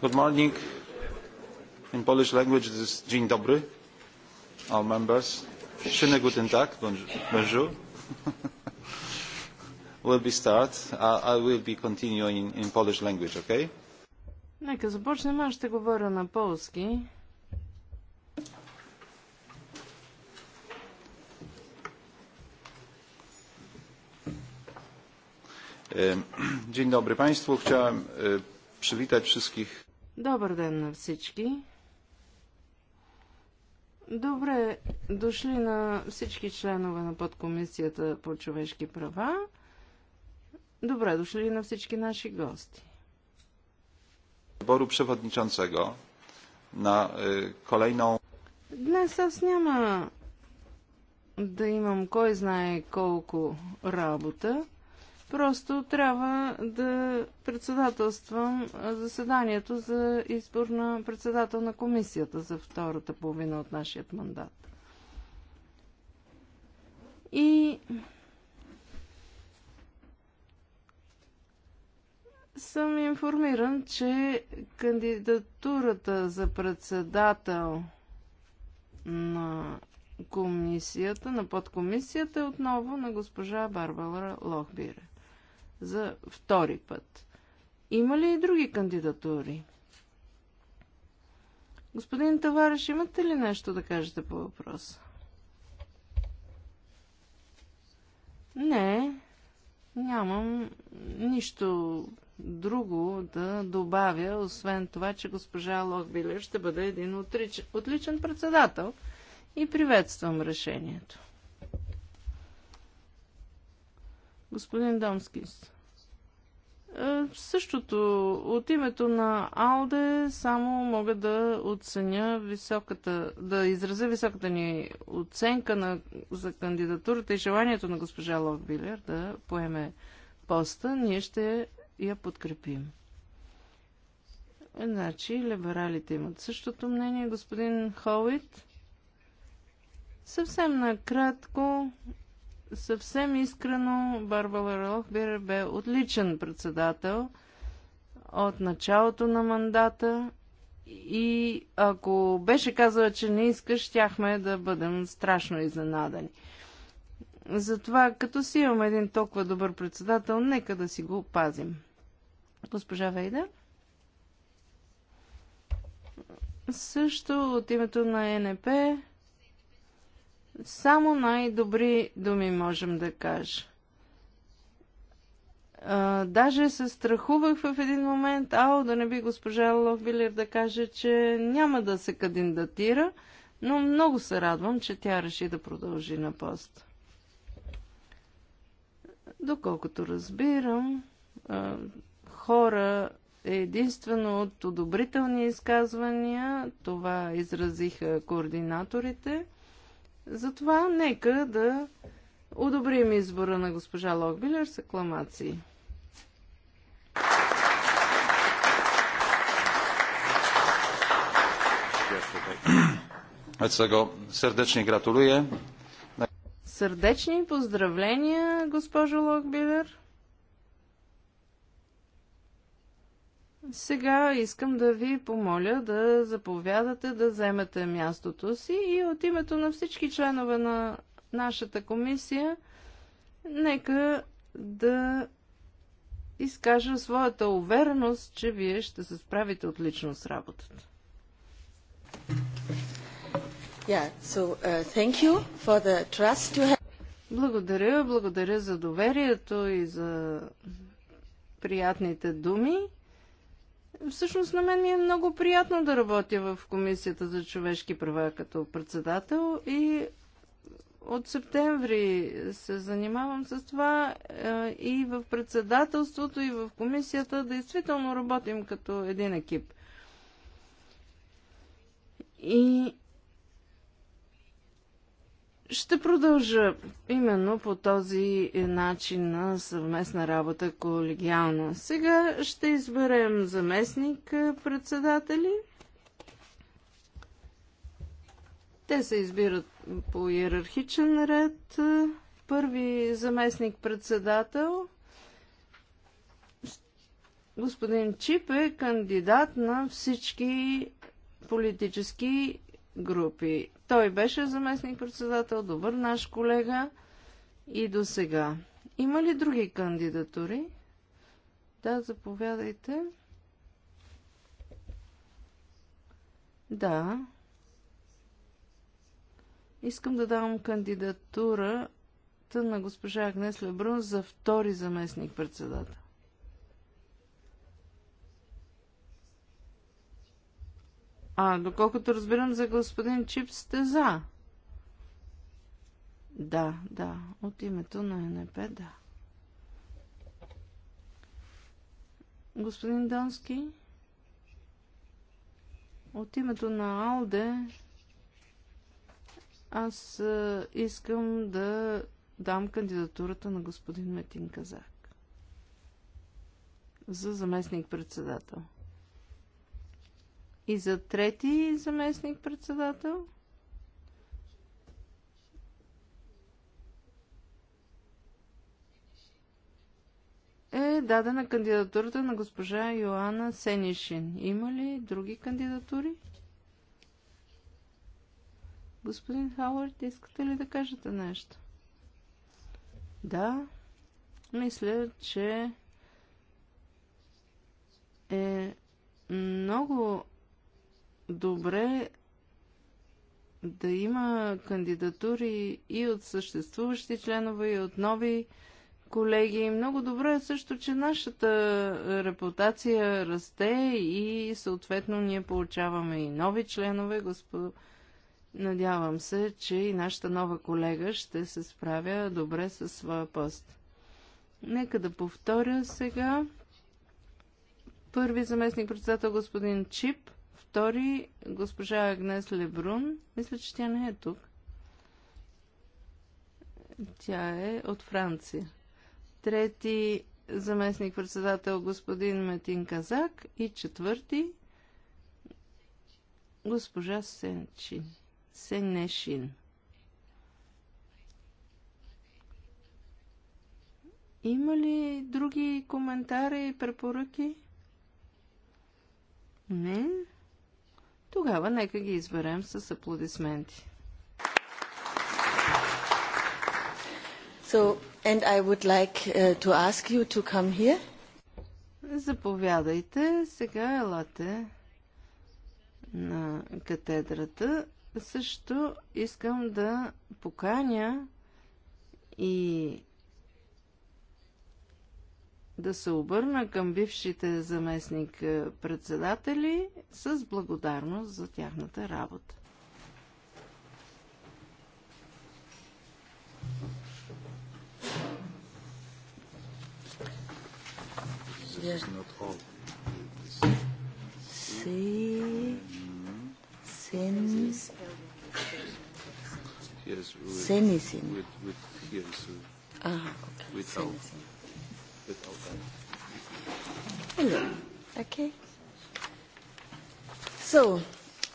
Good morning. In Polish language, this is dzień dobry. All members. Schönen guten Tag. Bonjour. we'll be start. I, I will be continuing in Polish language, okay? Нека започнем. Аз ще говоря на полски. Dzień dobry Państwu. Chciałem przywitać wszystkich. Добър ден на всички! Добре дошли на всички членове на подкомисията по човешки права. Добре дошли на всички наши гости. Бору przewodniczącego на Днес аз няма да имам кой знае колко работа. Просто трябва да председателствам заседанието за избор на председател на комисията за втората половина от нашия мандат. И съм информиран, че кандидатурата за председател на комисията, на подкомисията е отново на госпожа Барбара Лохбире за втори път. Има ли и други кандидатури? Господин Товариш, имате ли нещо да кажете по въпроса? Не, нямам нищо друго да добавя, освен това, че госпожа Лохбилер ще бъде един отличен председател и приветствам решението. Господин Домскис. Е, същото, от името на Алде само мога да оценя високата, да изразя високата ни оценка на, за кандидатурата и желанието на госпожа Локбилер да поеме поста. Ние ще я подкрепим. Значи, либералите имат същото мнение. Господин Холит, съвсем накратко съвсем искрено Барбара Рохбер бе отличен председател от началото на мандата и ако беше казала, че не иска, щяхме да бъдем страшно изненадани. Затова, като си имаме един толкова добър председател, нека да си го пазим. Госпожа Вейда? Също от името на НП само най-добри думи можем да кажа. А, даже се страхувах в един момент, ао, да не би госпожа Вилер да каже, че няма да се кандидатира, но много се радвам, че тя реши да продължи на пост. Доколкото разбирам, а, хора е единствено от одобрителни изказвания, това изразиха координаторите – затова нека да одобрим избора на госпожа Локбилер с акламации. сърдечни гратулуя. Сърдечни поздравления, госпожо Локбилер. Сега искам да ви помоля да заповядате, да вземете мястото си и от името на всички членове на нашата комисия, нека да изкажа своята увереност, че вие ще се справите отлично с работата. Uh, благодаря, благодаря за доверието и за приятните думи. Всъщност на мен ми е много приятно да работя в Комисията за човешки права като председател и от септември се занимавам с това е, и в председателството, и в комисията действително работим като един екип. И ще продължа именно по този начин на съвместна работа колегиално. Сега ще изберем заместник председатели. Те се избират по иерархичен ред. Първи заместник председател господин Чип е кандидат на всички политически групи той беше заместник-председател, добър наш колега и до сега. Има ли други кандидатури? Да, заповядайте. Да. Искам да давам кандидатурата на госпожа Агнес Лебрун за втори заместник председател. А, доколкото разбирам за господин Чип, сте за. Да, да, от името на НП, да. Господин Донски, от името на Алде, аз искам да дам кандидатурата на господин Метин Казак за заместник-председател и за трети заместник председател. е дадена кандидатурата на госпожа Йоанна Сенишин. Има ли други кандидатури? Господин Хауърд, искате ли да кажете нещо? Да, мисля, че е много добре да има кандидатури и от съществуващи членове, и от нови колеги. Много добре е също, че нашата репутация расте и съответно ние получаваме и нови членове. Господ... Надявам се, че и нашата нова колега ще се справя добре със своя пост. Нека да повторя сега. Първи заместник председател господин Чип – втори госпожа Агнес Лебрун. Мисля, че тя не е тук. Тя е от Франция. Трети заместник председател господин Метин Казак и четвърти госпожа Сенчин. Сенешин. Има ли други коментари и препоръки? Не. Тогава нека ги изберем с аплодисменти. So, and I would like uh, to ask you to come here. Заповядайте, сега елате на катедрата. Също искам да поканя и да се обърна към бившите заместник е, председатели с благодарност за тяхната работа. Sí. Sen... Yes, with, Senisin. With, with, yes, uh, ah, okay. with Senisin bit outside. Hello. Okay. So,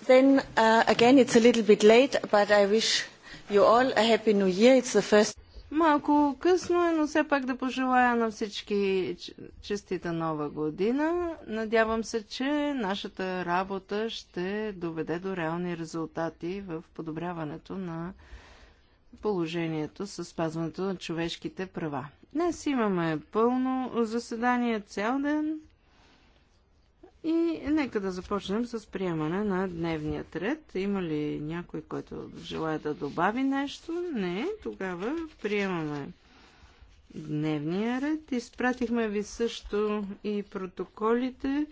then uh, again, it's a little bit late, but I wish you all a happy new year. It's the first. Малко късно е, но все пак да пожелая на всички честита нова година. Надявам се, че нашата работа ще доведе до реални резултати в подобряването на положението с спазването на човешките права. Днес имаме пълно заседание цял ден и нека да започнем с приемане на дневния ред. Има ли някой, който желая да добави нещо? Не, тогава приемаме дневния ред. Изпратихме ви също и протоколите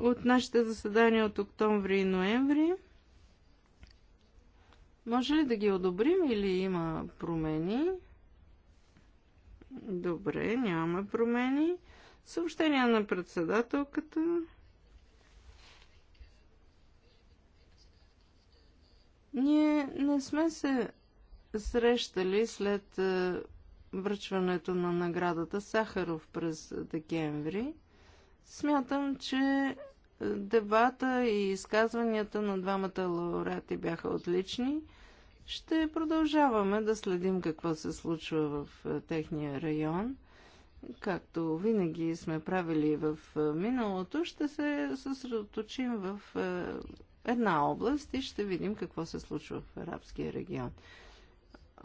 от нашите заседания от октомври и ноември. Може ли да ги одобрим или има промени? Добре, нямаме промени. Съобщение на председателката. Ние не сме се срещали след е, връчването на наградата Сахаров през декември. Смятам, че е, дебата и изказванията на двамата лауреати бяха отлични. Ще продължаваме да следим какво се случва в е, техния район. Както винаги сме правили в е, миналото, ще се съсредоточим в е, една област и ще видим какво се случва в арабския регион.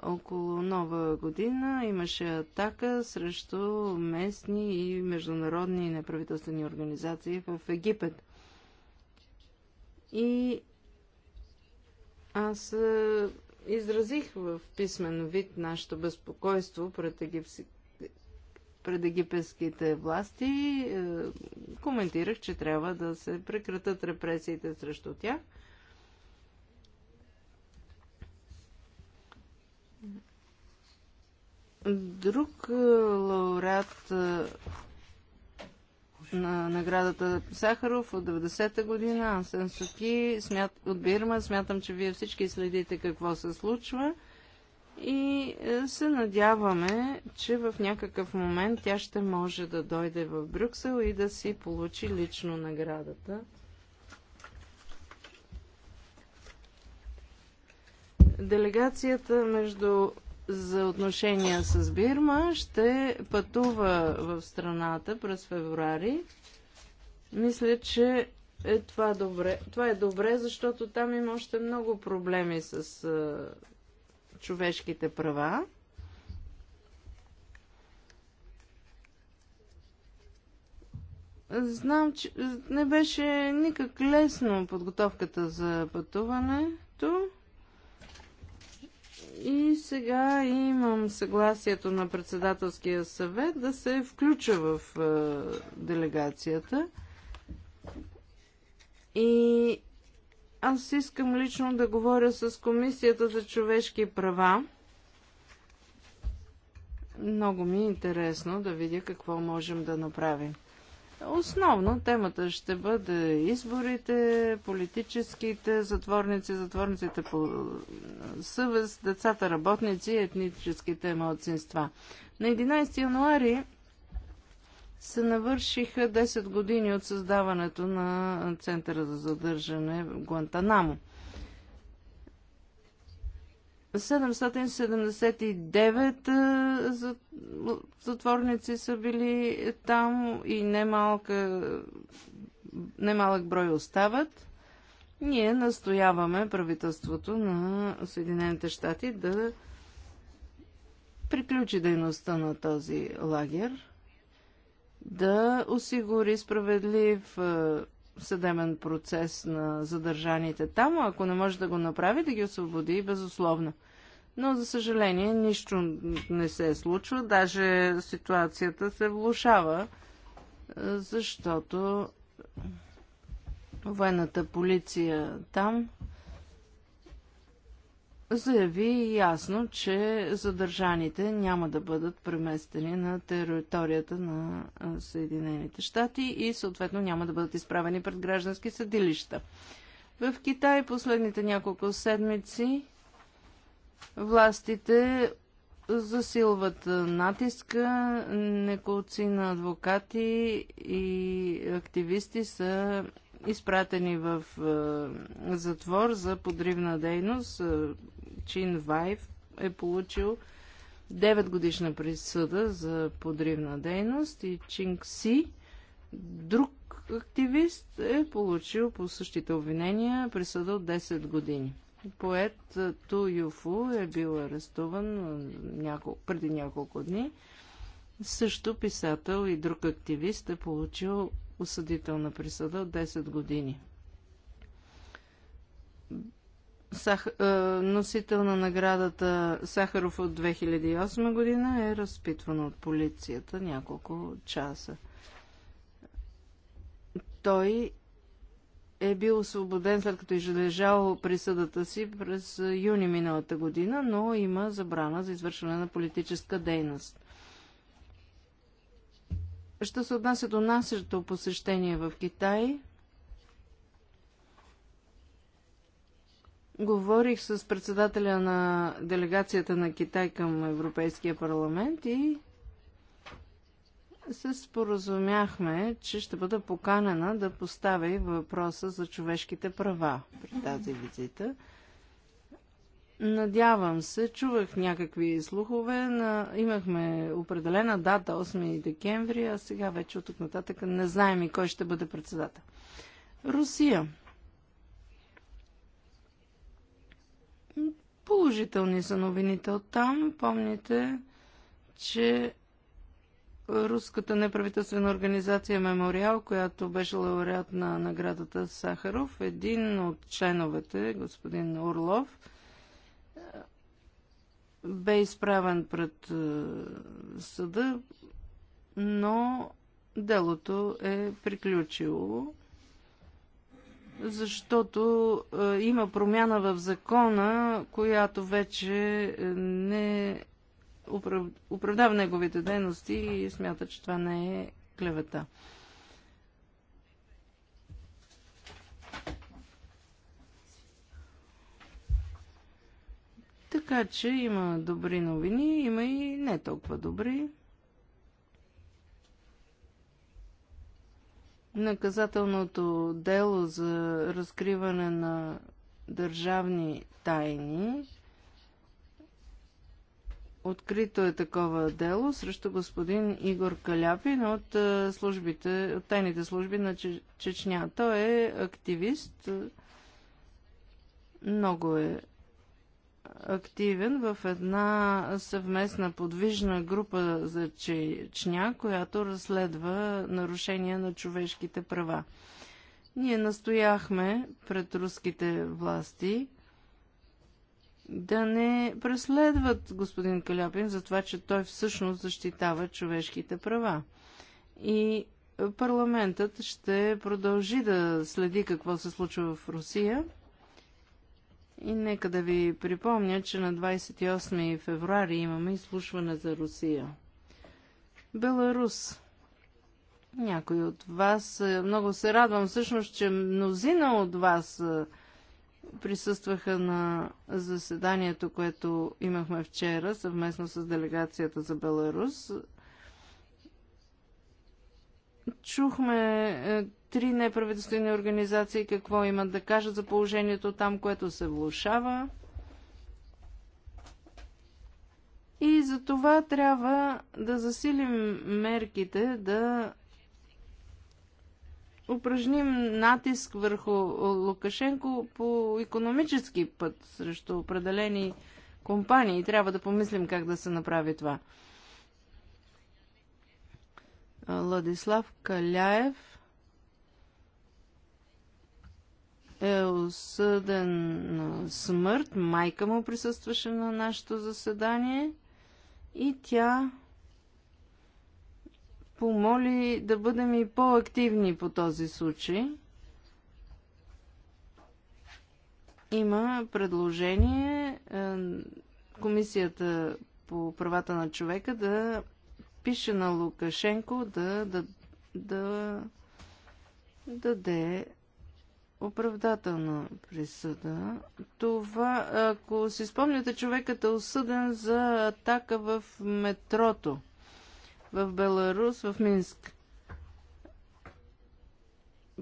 Около нова година имаше атака срещу местни и международни неправителствени организации в Египет. И аз изразих в писмен вид нашето безпокойство пред, египси... пред египетските власти е, коментирах, че трябва да се прекратат репресиите срещу тях. Друг е, лауреат е, на наградата Сахаров от 90-та година, Ансен Суки смят, от Бирма. Смятам, че вие всички следите какво се случва и е, се надяваме, че в някакъв момент тя ще може да дойде в Брюксел и да си получи лично наградата. Делегацията между за отношения с Бирма ще пътува в страната през февруари. Мисля, че е това, добре. това е добре, защото там има още много проблеми с а, човешките права. Знам, че не беше никак лесно подготовката за пътуването. И сега имам съгласието на председателския съвет да се включа в е, делегацията. И аз искам лично да говоря с Комисията за човешки права. Много ми е интересно да видя какво можем да направим. Основно темата ще бъде изборите, политическите затворници, затворниците по съвест, децата работници, етническите младсинства. На 11 януари се навършиха 10 години от създаването на Центъра за задържане в Гуантанамо. 779 затворници са били там и немалка, немалък брой остават. Ние настояваме правителството на Съединените щати да приключи дейността на този лагер, да осигури справедлив Съдемен процес на задържаните там, ако не може да го направи, да ги освободи безусловно. Но, за съжаление, нищо не се е случва, даже ситуацията се влушава, е, защото военната полиция там заяви ясно, че задържаните няма да бъдат преместени на територията на Съединените щати и съответно няма да бъдат изправени пред граждански съдилища. В Китай последните няколко седмици властите засилват натиска, неколци на адвокати и активисти са изпратени в е, затвор за подривна дейност. Е, Чин Вайв е получил 9 годишна присъда за подривна дейност и Чинг Си, друг активист, е получил по същите обвинения присъда от 10 години. Поет е, Ту Юфу е бил арестуван няколко, преди няколко дни. Също писател и друг активист е получил осъдителна присъда от 10 години. Сах... Е, носител на наградата Сахаров от 2008 година е разпитван от полицията няколко часа. Той е бил освободен след като излежал е присъдата си през юни миналата година, но има забрана за извършване на политическа дейност. Що се отнася до нашето посещение в Китай, говорих с председателя на делегацията на Китай към Европейския парламент и се споразумяхме, че ще бъда поканена да поставя и въпроса за човешките права при тази визита. Надявам се, чувах някакви слухове, на... имахме определена дата, 8 декември, а сега вече от тук нататък не знаем и кой ще бъде председател. Русия. Положителни са новините от там. Помните, че руската неправителствена организация Мемориал, която беше лауреат на наградата Сахаров, един от членовете, господин Орлов, бе изправен пред е, съда, но делото е приключило, защото е, има промяна в закона, която вече не оправдава неговите дейности и смята, че това не е клевета. Така че има добри новини, има и не толкова добри. Наказателното дело за разкриване на държавни тайни. Открито е такова дело срещу господин Игор Каляпин от, е, службите, от тайните служби на Чечня. Той е активист. Много е активен в една съвместна подвижна група за Чечня, която разследва нарушения на човешките права. Ние настояхме пред руските власти да не преследват господин Каляпин за това, че той всъщност защитава човешките права. И парламентът ще продължи да следи какво се случва в Русия и нека да ви припомня, че на 28 февруари имаме изслушване за Русия. Беларус. Някой от вас, е, много се радвам всъщност, че мнозина от вас е, присъстваха на заседанието, което имахме вчера съвместно с делегацията за Беларус. Чухме е, три неправителствени организации какво имат да кажат за положението там, което се влушава. И за това трябва да засилим мерките, да упражним натиск върху Лукашенко по економически път срещу определени компании. Трябва да помислим как да се направи това. Ладислав Каляев е осъден на смърт. Майка му присъстваше на нашето заседание и тя помоли да бъдем и по-активни по този случай. Има предложение е, комисията по правата на човека да пише на Лукашенко да, да, да даде оправдателна присъда. Това, ако си спомняте, човекът е осъден за атака в метрото в Беларус, в Минск.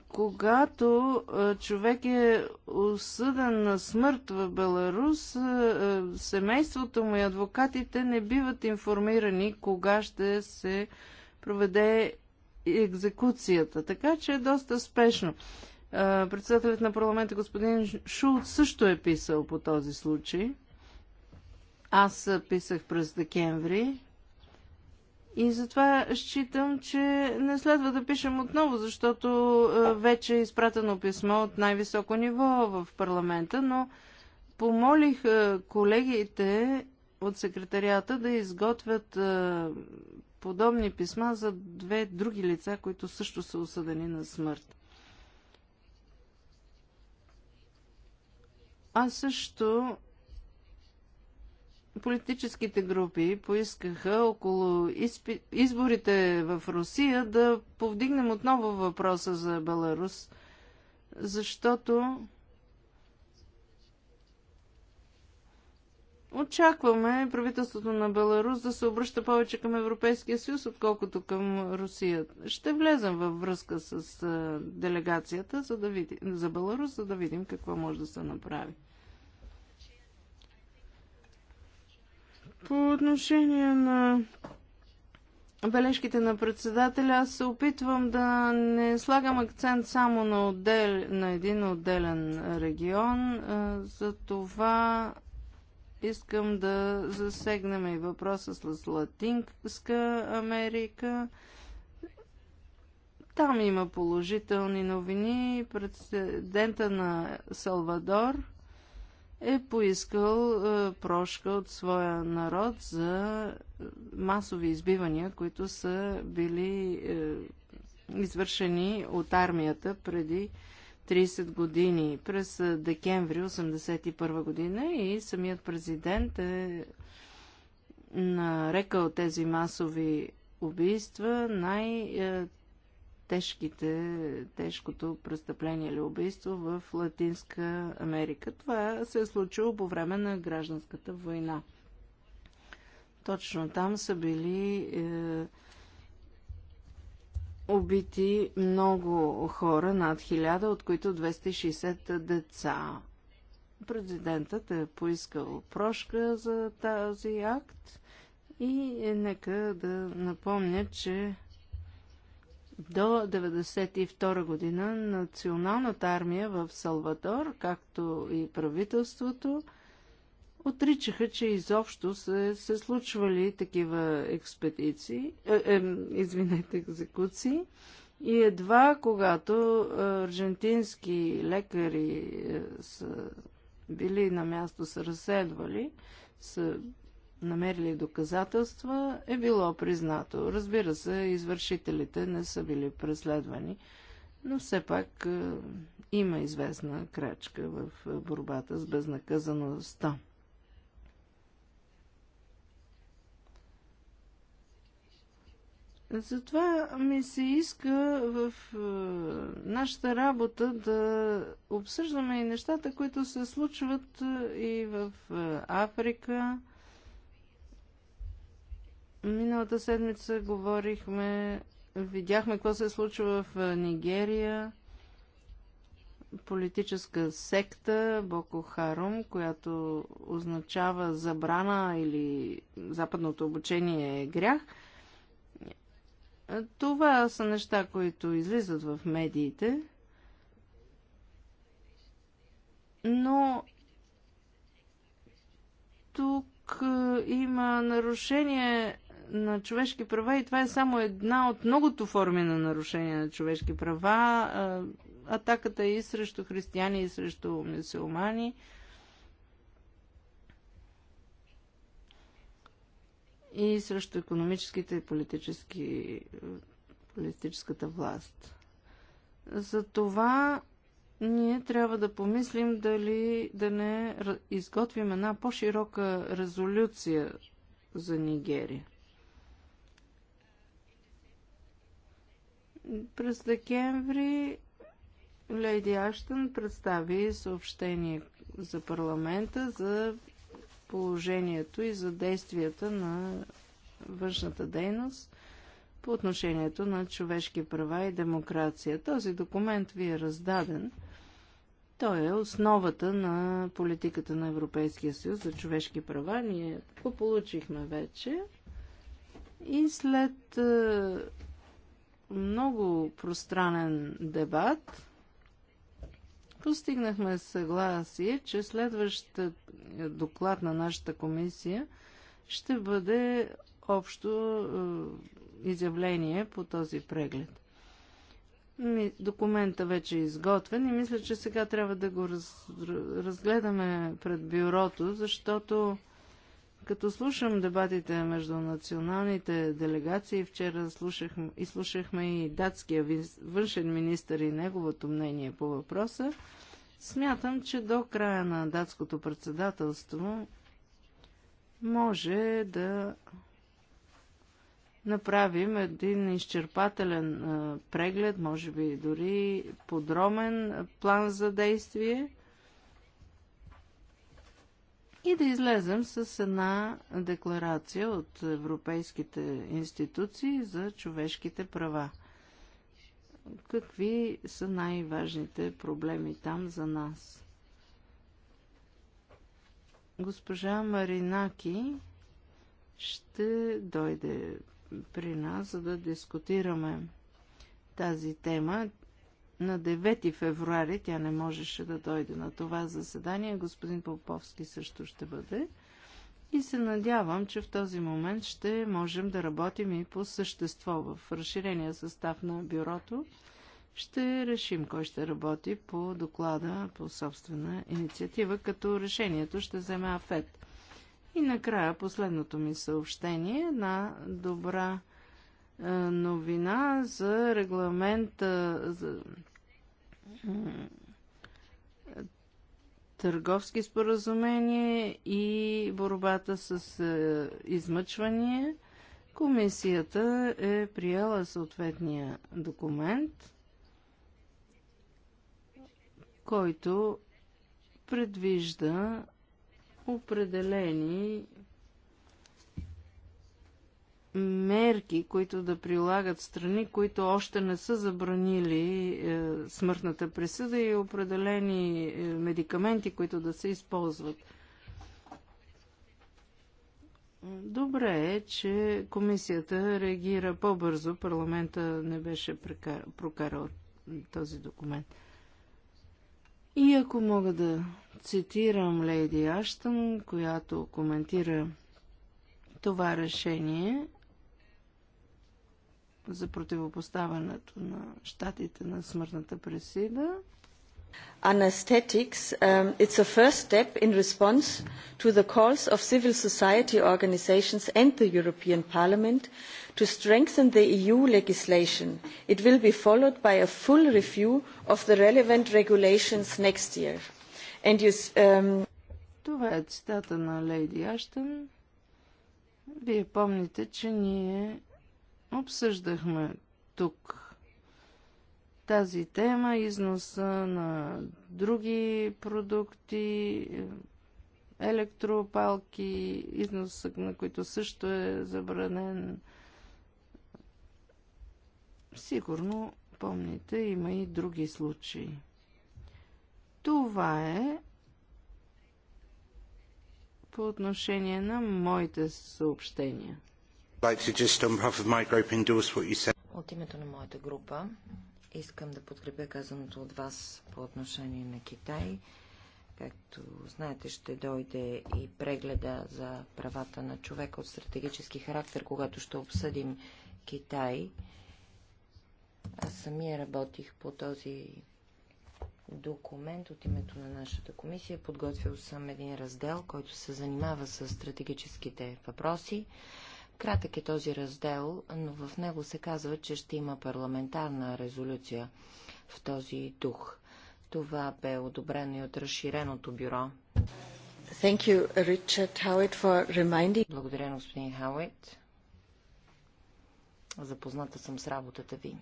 Когато човек е осъден на смърт в Беларус, семейството му и адвокатите не биват информирани кога ще се проведе екзекуцията. Така че е доста спешно. Председателят на парламента господин Шулт също е писал по този случай. Аз писах през декември и затова считам, че не следва да пишем отново, защото е, вече е изпратено писмо от най-високо ниво в парламента, но помолих е, колегите от секретарията да изготвят е, подобни писма за две други лица, които също са осъдени на смърт. Аз също политическите групи поискаха около изпи... изборите в Русия да повдигнем отново въпроса за Беларус, защото очакваме правителството на Беларус да се обръща повече към Европейския съюз, отколкото към Русия. Ще влезем във връзка с делегацията за, да види... за Беларус, за да видим какво може да се направи. По отношение на бележките на председателя, аз се опитвам да не слагам акцент само на, отдел, на един отделен регион. Е, за това искам да засегнем и въпроса с Латинска Америка. Там има положителни новини. Президента на Салвадор – е поискал е, прошка от своя народ за е, масови избивания, които са били е, извършени от армията преди 30 години, през декември 1981 година и самият президент е нарекал тези масови убийства най- тежките, тежкото престъпление или убийство в Латинска Америка. Това се е случило по време на гражданската война. Точно там са били е, убити много хора, над хиляда, от които 260 деца. Президентът е поискал прошка за тази акт и е, нека да напомня, че до 1992 година националната армия в Салвадор, както и правителството, отричаха, че изобщо са се случвали такива експедиции, е, е, извинете, екзекуции. И едва когато е, аржентински лекари е, са били на място, са разследвали, са намерили доказателства, е било признато. Разбира се, извършителите не са били преследвани, но все пак е, има известна крачка в е, борбата с безнаказаността. Затова ми се иска в е, нашата работа да обсъждаме и нещата, които се случват е, и в е, Африка, Миналата седмица говорихме, видяхме какво се случва в Нигерия. Политическа секта Боко Харум, която означава забрана или западното обучение е грях. Това са неща, които излизат в медиите. Но тук има нарушение на човешки права и това е само една от многото форми на нарушение на човешки права. Атаката е и срещу християни, и срещу мусулмани. И срещу економическите и политически, политическата власт. За това ние трябва да помислим дали да не изготвим една по-широка резолюция за Нигерия. През декември Леди Аштън представи съобщение за парламента за положението и за действията на външната дейност по отношението на човешки права и демокрация. Този документ ви е раздаден. Той е основата на политиката на Европейския съюз за човешки права. Ние го получихме вече. И след е, много пространен дебат постигнахме съгласие, че следващата доклад на нашата комисия ще бъде общо е, изявление по този преглед. Документа вече е изготвен и мисля, че сега трябва да го разгледаме пред бюрото, защото като слушам дебатите между националните делегации, вчера слушах, и слушахме и датския външен министр и неговото мнение по въпроса, смятам, че до края на датското председателство може да направим един изчерпателен преглед, може би дори подромен план за действие – и да излезем с една декларация от европейските институции за човешките права. Какви са най-важните проблеми там за нас? Госпожа Маринаки ще дойде при нас, за да дискутираме тази тема на 9 февруари, тя не можеше да дойде на това заседание, господин Поповски също ще бъде. И се надявам, че в този момент ще можем да работим и по същество в разширения състав на бюрото. Ще решим кой ще работи по доклада по собствена инициатива, като решението ще вземе АФЕД. И накрая последното ми съобщение, на добра е, новина за регламента за търговски споразумения и борбата с е, измъчвания. Комисията е приела съответния документ, който предвижда определени мерки, които да прилагат страни, които още не са забранили е, смъртната присъда и определени е, медикаменти, които да се използват. Добре е, че комисията реагира по-бързо. Парламента не беше прокарал този документ. И ако мога да цитирам Лейди Аштън, която коментира това решение, за противопоставянето на щатите на смъртната пресида. Anesthetics, um, it's a first step in response to the calls of civil society organizations and the European Parliament to strengthen the EU legislation. It will be followed by a full review of the relevant regulations next year. And you, um... Това е цитата на Лейди Аштън. Вие помните, че ние Обсъждахме тук тази тема, износа на други продукти, електропалки, износа на които също е забранен. Сигурно, помните, има и други случаи. Това е по отношение на моите съобщения. От името на моята група искам да подкрепя казаното от вас по отношение на Китай. Както знаете, ще дойде и прегледа за правата на човека от стратегически характер, когато ще обсъдим Китай. Аз самия работих по този документ от името на нашата комисия. Подготвил съм един раздел, който се занимава с стратегическите въпроси. Кратък е този раздел, но в него се казва, че ще има парламентарна резолюция в този дух. Това бе одобрено и от разширеното бюро. Thank you, Richard Howitt, for reminding... Благодаря господин Хауит. Запозната съм с работата ви.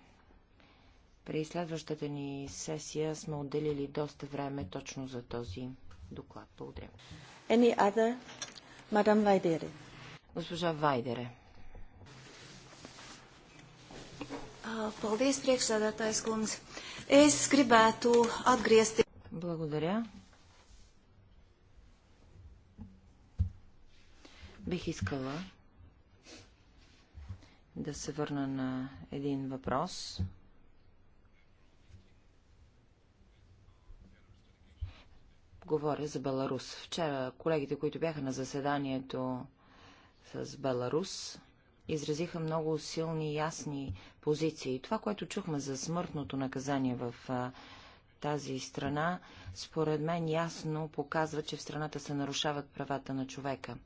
При следващата ни сесия сме отделили доста време точно за този доклад. Благодаря. Any other? Madame Vaidere. Госпожа Вайдере. Paldies, priekšsēdētājs kundze. Es gribētu Благодаря. Бих искала да се върна на един въпрос. Говоря за Беларус. Вчера колегите, които бяха на заседанието с Беларус, изразиха много силни и ясни позиции. Това, което чухме за смъртното наказание в тази страна, според мен ясно показва, че в страната се нарушават правата на човека.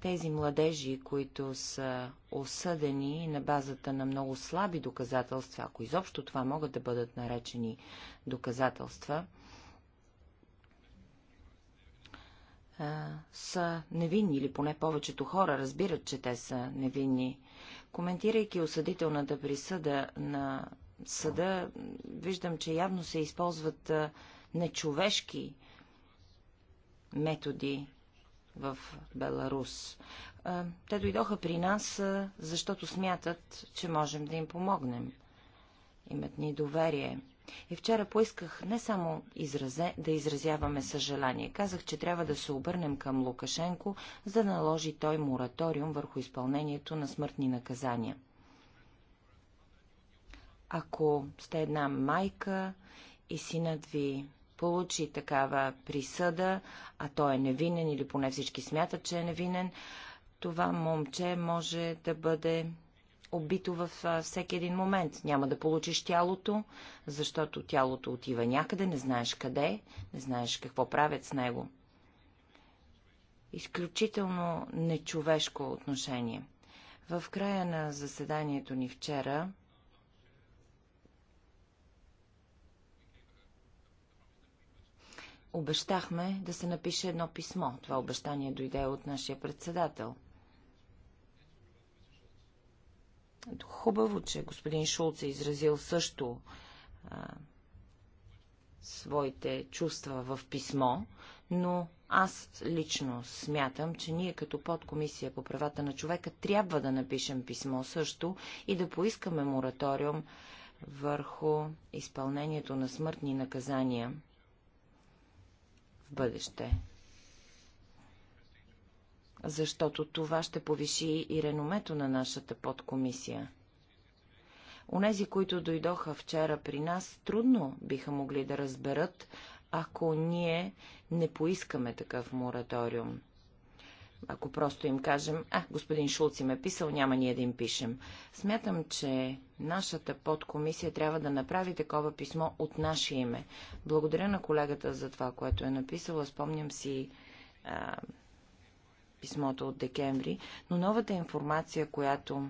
Тези младежи, които са осъдени на базата на много слаби доказателства, ако изобщо това могат да бъдат наречени доказателства, а, са невинни, или поне повечето хора разбират, че те са невинни. Коментирайки осъдителната присъда на съда, виждам, че явно се използват а, нечовешки методи в Беларус. А, те дойдоха при нас, а, защото смятат, че можем да им помогнем. Имат ни доверие. И вчера поисках не само изразе, да изразяваме съжаление. Казах, че трябва да се обърнем към Лукашенко, за да наложи той мораториум върху изпълнението на смъртни наказания. Ако сте една майка и синът ви получи такава присъда, а той е невинен или поне всички смятат, че е невинен, това момче може да бъде убито във всеки един момент. Няма да получиш тялото, защото тялото отива някъде, не знаеш къде, не знаеш какво правят с него. Изключително нечовешко отношение. В края на заседанието ни вчера обещахме да се напише едно писмо. Това обещание дойде от нашия председател – Хубаво, че господин Шулц е изразил също а, своите чувства в писмо, но аз лично смятам, че ние като подкомисия по правата на човека трябва да напишем писмо също и да поискаме мораториум върху изпълнението на смъртни наказания в бъдеще защото това ще повиши и реномето на нашата подкомисия. Онези, които дойдоха вчера при нас, трудно биха могли да разберат, ако ние не поискаме такъв мораториум. Ако просто им кажем, а, господин им ме писал, няма ние да им пишем. Смятам, че нашата подкомисия трябва да направи такова писмо от наше име. Благодаря на колегата за това, което е написала. Спомням си а, писмото от декември, но новата информация, която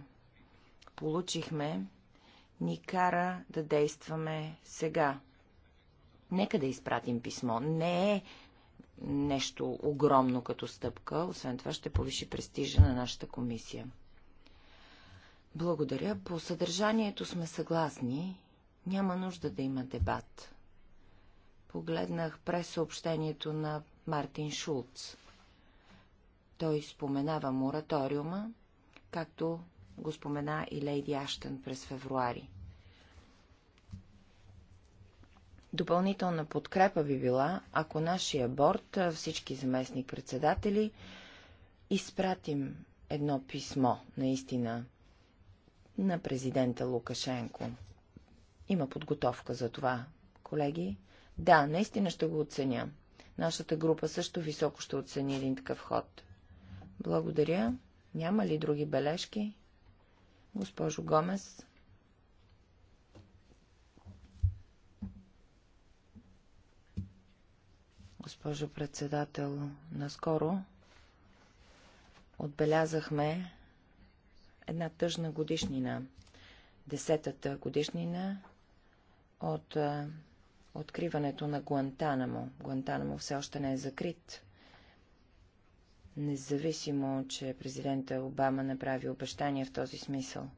получихме, ни кара да действаме сега. Нека да изпратим писмо. Не е нещо огромно като стъпка, освен това ще повиши престижа на нашата комисия. Благодаря. По съдържанието сме съгласни. Няма нужда да има дебат. Погледнах през съобщението на Мартин Шулц. Той споменава мораториума, както го спомена и Лейди Аштън през февруари. Допълнителна подкрепа би била, ако нашия борт, всички заместник-председатели, изпратим едно писмо, наистина, на президента Лукашенко. Има подготовка за това, колеги. Да, наистина ще го оценя. Нашата група също високо ще оцени един такъв ход. Благодаря. Няма ли други бележки? Госпожо Гомес. Госпожо председател, наскоро отбелязахме една тъжна годишнина, десетата годишнина от откриването на Гуантанамо. Гуантанамо все още не е закрит независимо, че президента Обама направи обещания в този смисъл.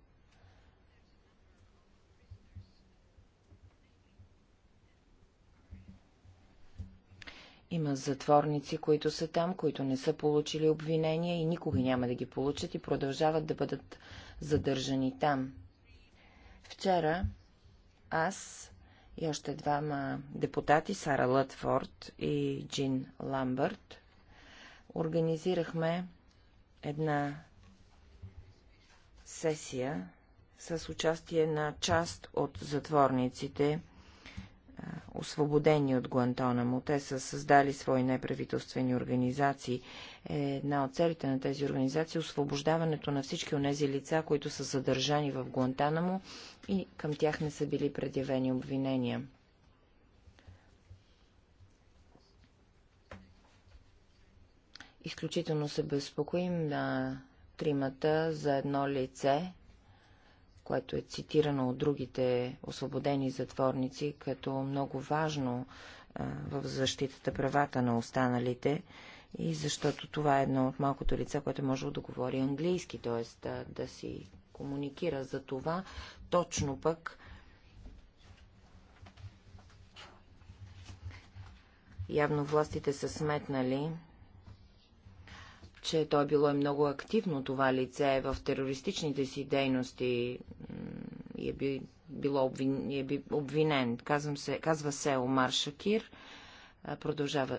Има затворници, които са там, които не са получили обвинения и никога няма да ги получат и продължават да бъдат задържани там. Вчера аз и още двама депутати, Сара Лътфорд и Джин Ламбърт, организирахме една сесия с участие на част от затворниците, освободени от му. Те са създали свои неправителствени организации. Една от целите на тези организации е освобождаването на всички от тези лица, които са задържани в Гуантанамо и към тях не са били предявени обвинения. Изключително се безпокоим на тримата за едно лице, което е цитирано от другите освободени затворници като много важно в защитата правата на останалите и защото това е едно от малкото лица, което може да говори английски, т.е. Да, да си комуникира за това. Точно пък явно властите са сметнали, че той е било е много активно това лице в терористичните си дейности и е, би, било обвин, е би обвинен. Казвам се, казва се Омар Шакир. Продължава.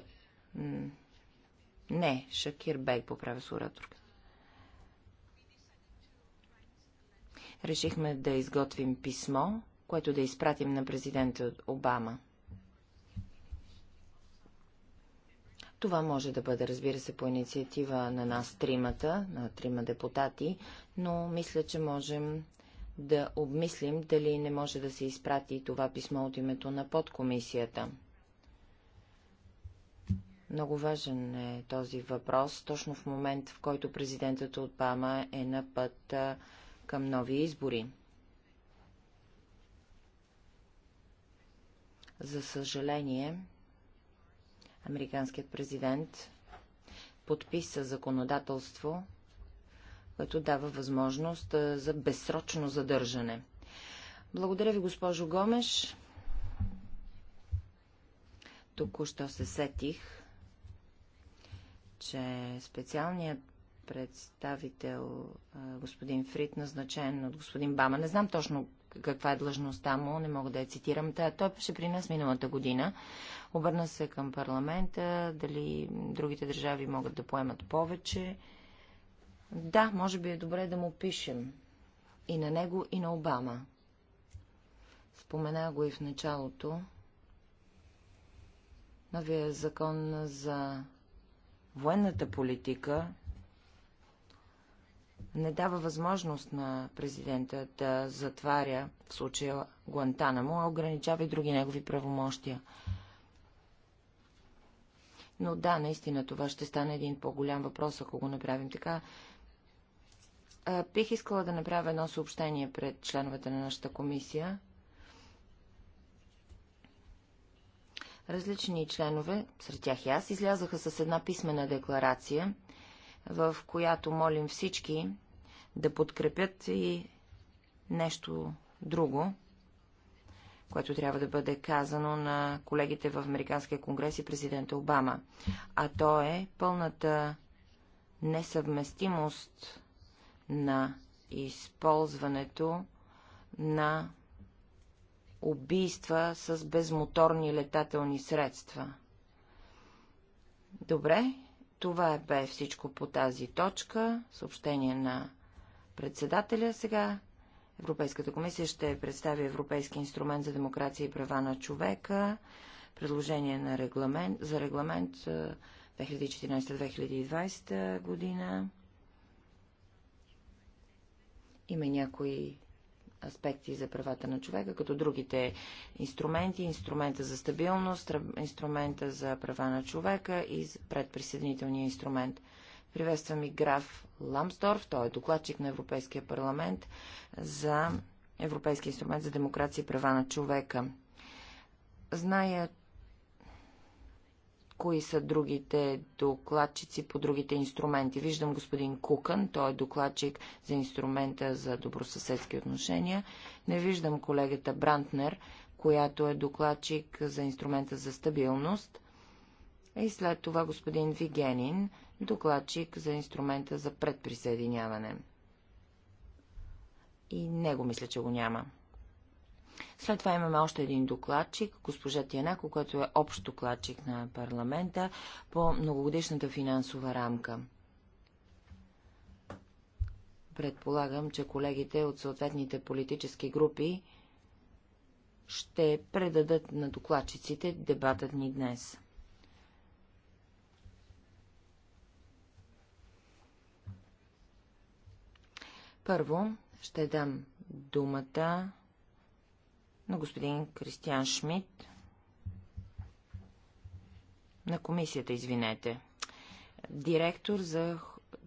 Не, Шакир бей, поправя с Решихме да изготвим писмо, което да изпратим на президента Обама. Това може да бъде, разбира се, по инициатива на нас тримата, на трима депутати, но мисля, че можем да обмислим дали не може да се изпрати това писмо от името на подкомисията. Много важен е този въпрос, точно в момент, в който президентът от Бама е на път към нови избори. За съжаление, Американският президент подписа законодателство, което дава възможност за безсрочно задържане. Благодаря ви, госпожо Гомеш. Току-що се сетих, че специалният представител господин Фрид, назначен от господин Бама, не знам точно каква е длъжността му, не мога да я цитирам. Та, той беше при нас миналата година. Обърна се към парламента, дали другите държави могат да поемат повече. Да, може би е добре да му пишем. И на него, и на Обама. Спомена го и в началото. Новия закон за военната политика не дава възможност на президента да затваря в случая Гуантанамо, а ограничава и други негови правомощия. Но да, наистина това ще стане един по-голям въпрос, ако го направим така. А, бих искала да направя едно съобщение пред членовете на нашата комисия. Различни членове, сред тях и аз, излязаха с една писмена декларация, в която молим всички да подкрепят и нещо друго, което трябва да бъде казано на колегите в Американския конгрес и президента Обама. А то е пълната несъвместимост на използването на убийства с безмоторни летателни средства. Добре, това е бе всичко по тази точка. Съобщение на председателя. Сега Европейската комисия ще представи Европейски инструмент за демокрация и права на човека, предложение на регламент, за регламент 2014-2020 година. Има някои аспекти за правата на човека, като другите инструменти, инструмента за стабилност, инструмента за права на човека и предприсъединителния инструмент. Приветствам и граф Ламсдорф, той е докладчик на Европейския парламент за Европейския инструмент за демокрация и права на човека. Зная, кои са другите докладчици по другите инструменти. Виждам господин Кукън, той е докладчик за инструмента за добросъседски отношения. Не виждам колегата Брантнер, която е докладчик за инструмента за стабилност. И след това господин Вигенин, докладчик за инструмента за предприсъединяване. И него мисля, че го няма. След това имаме още един докладчик, госпожа Тянако, който е общ докладчик на парламента по многогодишната финансова рамка. Предполагам, че колегите от съответните политически групи ще предадат на докладчиците дебатът ни днес. Първо ще дам думата на господин Кристиан Шмидт, на комисията, извинете, директор за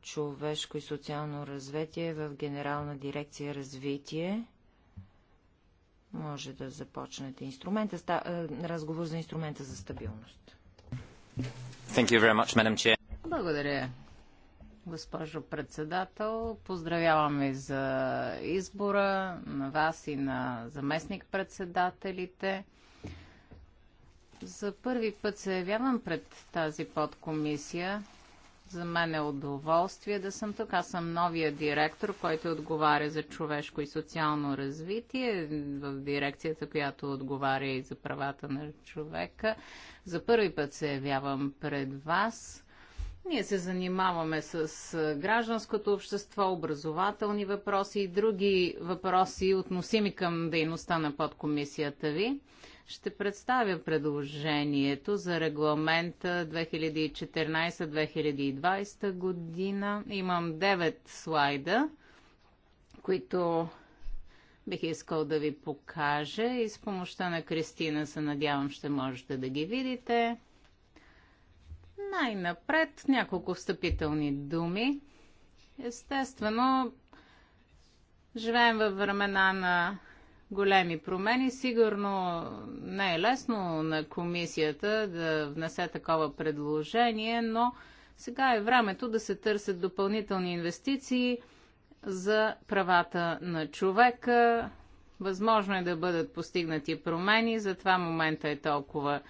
човешко и социално развитие в Генерална дирекция развитие. Може да започнете инструмента, ста, е, разговор за инструмента за стабилност. Thank you very much, Madam Chair. Благодаря, госпожо председател. поздравявам ви за избора на вас и на заместник-председателите. За първи път се явявам пред тази подкомисия. За мен е удоволствие да съм тук. Аз съм новия директор, който отговаря за човешко и социално развитие в дирекцията, която отговаря и за правата на човека. За първи път се явявам пред вас ние се занимаваме с гражданското общество, образователни въпроси и други въпроси, относими към дейността на подкомисията ви. Ще представя предложението за регламента 2014-2020 година. Имам 9 слайда, които бих искал да ви покажа и с помощта на Кристина се надявам ще можете да ги видите. Най-напред няколко встъпителни думи. Естествено, живеем във времена на големи промени. Сигурно не е лесно на комисията да внесе такова предложение, но сега е времето да се търсят допълнителни инвестиции за правата на човека. Възможно е да бъдат постигнати промени, затова момента е толкова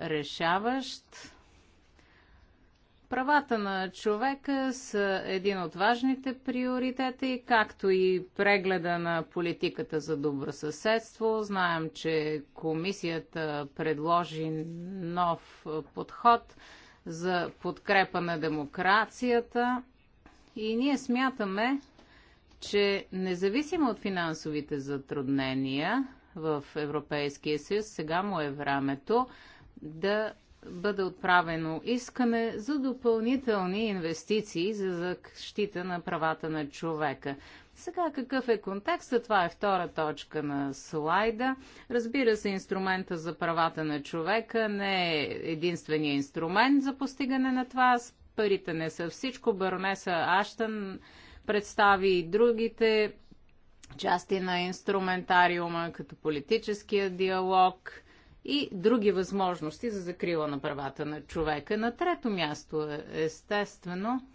решаващ. Правата на човека са един от важните приоритети, както и прегледа на политиката за добро съседство. Знаем, че комисията предложи нов подход за подкрепа на демокрацията и ние смятаме, че независимо от финансовите затруднения в Европейския съюз, сега му е времето да бъде отправено искане за допълнителни инвестиции за защита на правата на човека. Сега какъв е контекстът? Това е втора точка на слайда. Разбира се, инструмента за правата на човека не е единствения инструмент за постигане на това. Парите не са всичко. Баронеса Аштън представи и другите части на инструментариума, като политическия диалог – и други възможности за закрила на правата на човека. На трето място, естествено,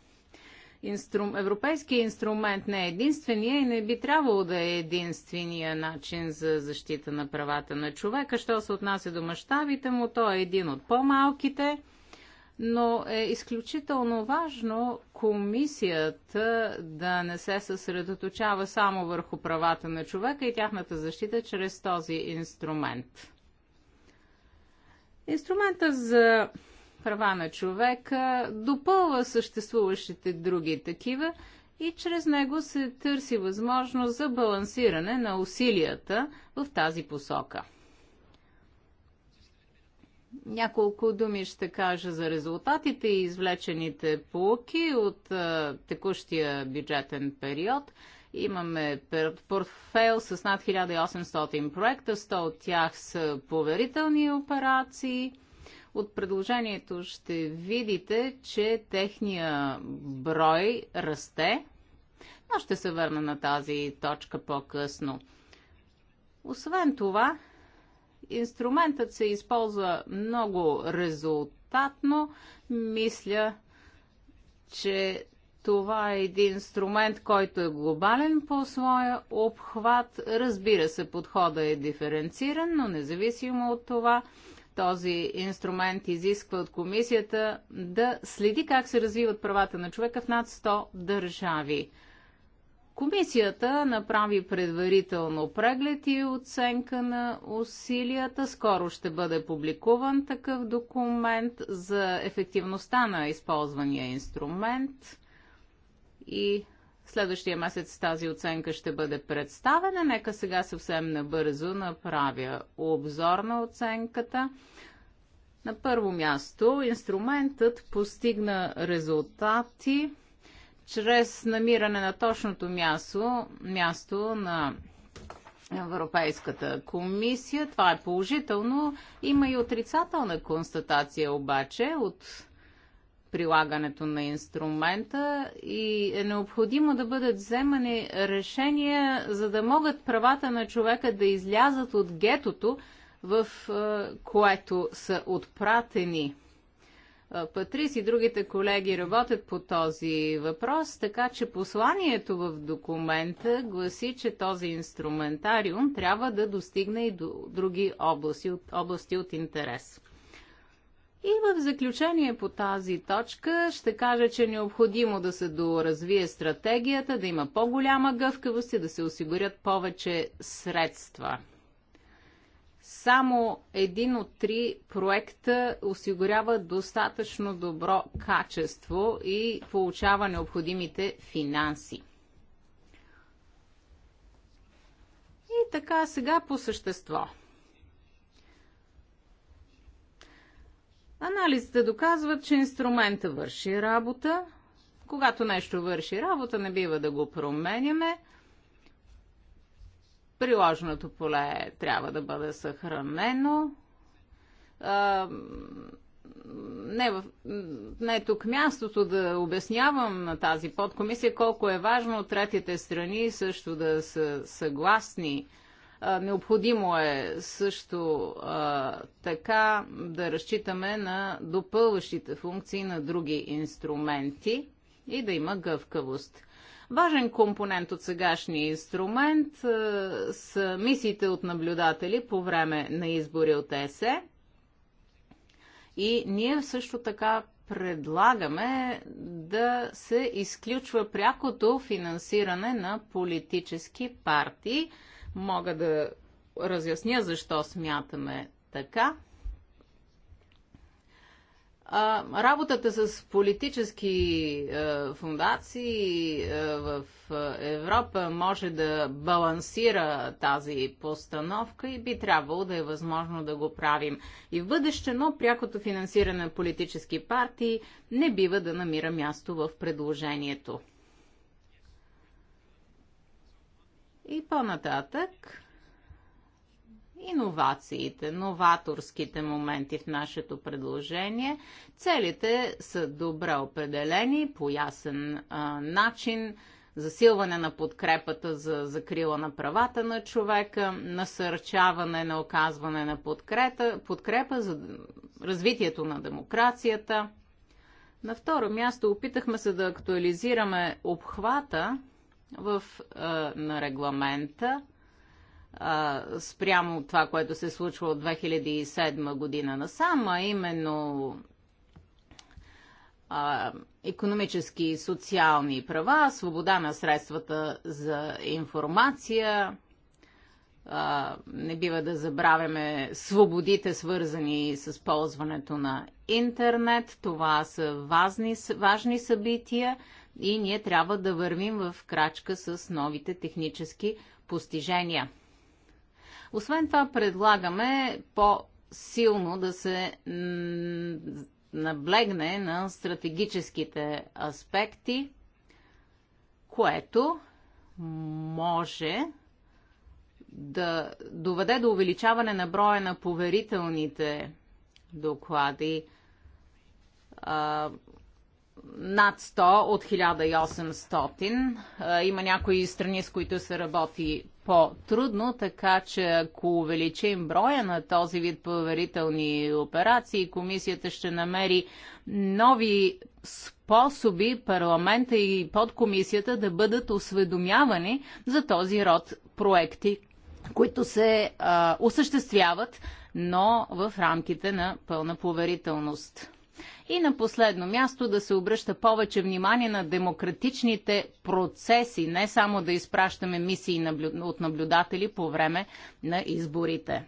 инстру... европейския инструмент не е единствения и не би трябвало да е единствения начин за защита на правата на човека. Що се отнася до мащабите му, той е един от по-малките но е изключително важно комисията да не се съсредоточава само върху правата на човека и тяхната защита чрез този инструмент. Инструмента за права на човека допълва съществуващите други такива и чрез него се търси възможност за балансиране на усилията в тази посока. Няколко думи ще кажа за резултатите и извлечените полуки от а, текущия бюджетен период – Имаме портфел с над 1800 проекта, 100 от тях са поверителни операции. От предложението ще видите, че техния брой расте, но ще се върна на тази точка по-късно. Освен това, инструментът се използва много резултатно. Мисля, че това е един инструмент, който е глобален по своя обхват. Разбира се, подхода е диференциран, но независимо от това, този инструмент изисква от комисията да следи как се развиват правата на човека в над 100 държави. Комисията направи предварително преглед и оценка на усилията. Скоро ще бъде публикуван такъв документ за ефективността на използвания инструмент и следващия месец тази оценка ще бъде представена. Нека сега съвсем набързо направя обзор на оценката. На първо място, инструментът постигна резултати чрез намиране на точното място, място на Европейската комисия. Това е положително. Има и отрицателна констатация обаче от прилагането на инструмента и е необходимо да бъдат вземани решения, за да могат правата на човека да излязат от гетото, в е, което са отпратени. Е, Патрис и другите колеги работят по този въпрос, така че посланието в документа гласи, че този инструментариум трябва да достигне и до други области, области от интерес. И в заключение по тази точка ще кажа, че е необходимо да се доразвие стратегията, да има по-голяма гъвкавост и да се осигурят повече средства. Само един от три проекта осигурява достатъчно добро качество и получава необходимите финанси. И така сега по същество – Анализите доказват, че инструмента върши работа. Когато нещо върши работа, не бива да го променяме. Приложеното поле трябва да бъде съхранено. не, в, не е тук мястото да обяснявам на тази подкомисия колко е важно третите страни също да са съгласни Необходимо е също а, така да разчитаме на допълващите функции на други инструменти и да има гъвкавост. Важен компонент от сегашния инструмент а, са мисиите от наблюдатели по време на избори от ЕСЕ. И ние също така предлагаме да се изключва прякото финансиране на политически партии – Мога да разясня защо смятаме така. А, работата с политически е, фундации е, в е, Европа може да балансира тази постановка и би трябвало да е възможно да го правим. И в бъдеще, но прякото финансиране на политически партии не бива да намира място в предложението. И по-нататък иновациите, новаторските моменти в нашето предложение. Целите са добре определени, по ясен а, начин, засилване на подкрепата за закрила на правата на човека, насърчаване на оказване на подкрепа, подкрепа за развитието на демокрацията. На второ място опитахме се да актуализираме обхвата в, а, е, на регламента а, е, спрямо това, което се случва от 2007 година насам, а именно а, е, економически и социални права, свобода на средствата за информация. А, не бива да забравяме свободите, свързани с ползването на интернет. Това са важни, важни събития и ние трябва да вървим в крачка с новите технически постижения. Освен това, предлагаме по-силно да се наблегне на стратегическите аспекти, което може да доведе до увеличаване на броя на поверителните доклади, над 100 от 1800. Е, има някои страни, с които се работи по-трудно, така че ако увеличим броя на този вид поверителни операции, комисията ще намери нови способи парламента и подкомисията да бъдат осведомявани за този род проекти, които се а, осъществяват, но в рамките на пълна поверителност. И на последно място да се обръща повече внимание на демократичните процеси, не само да изпращаме мисии от наблюдатели по време на изборите.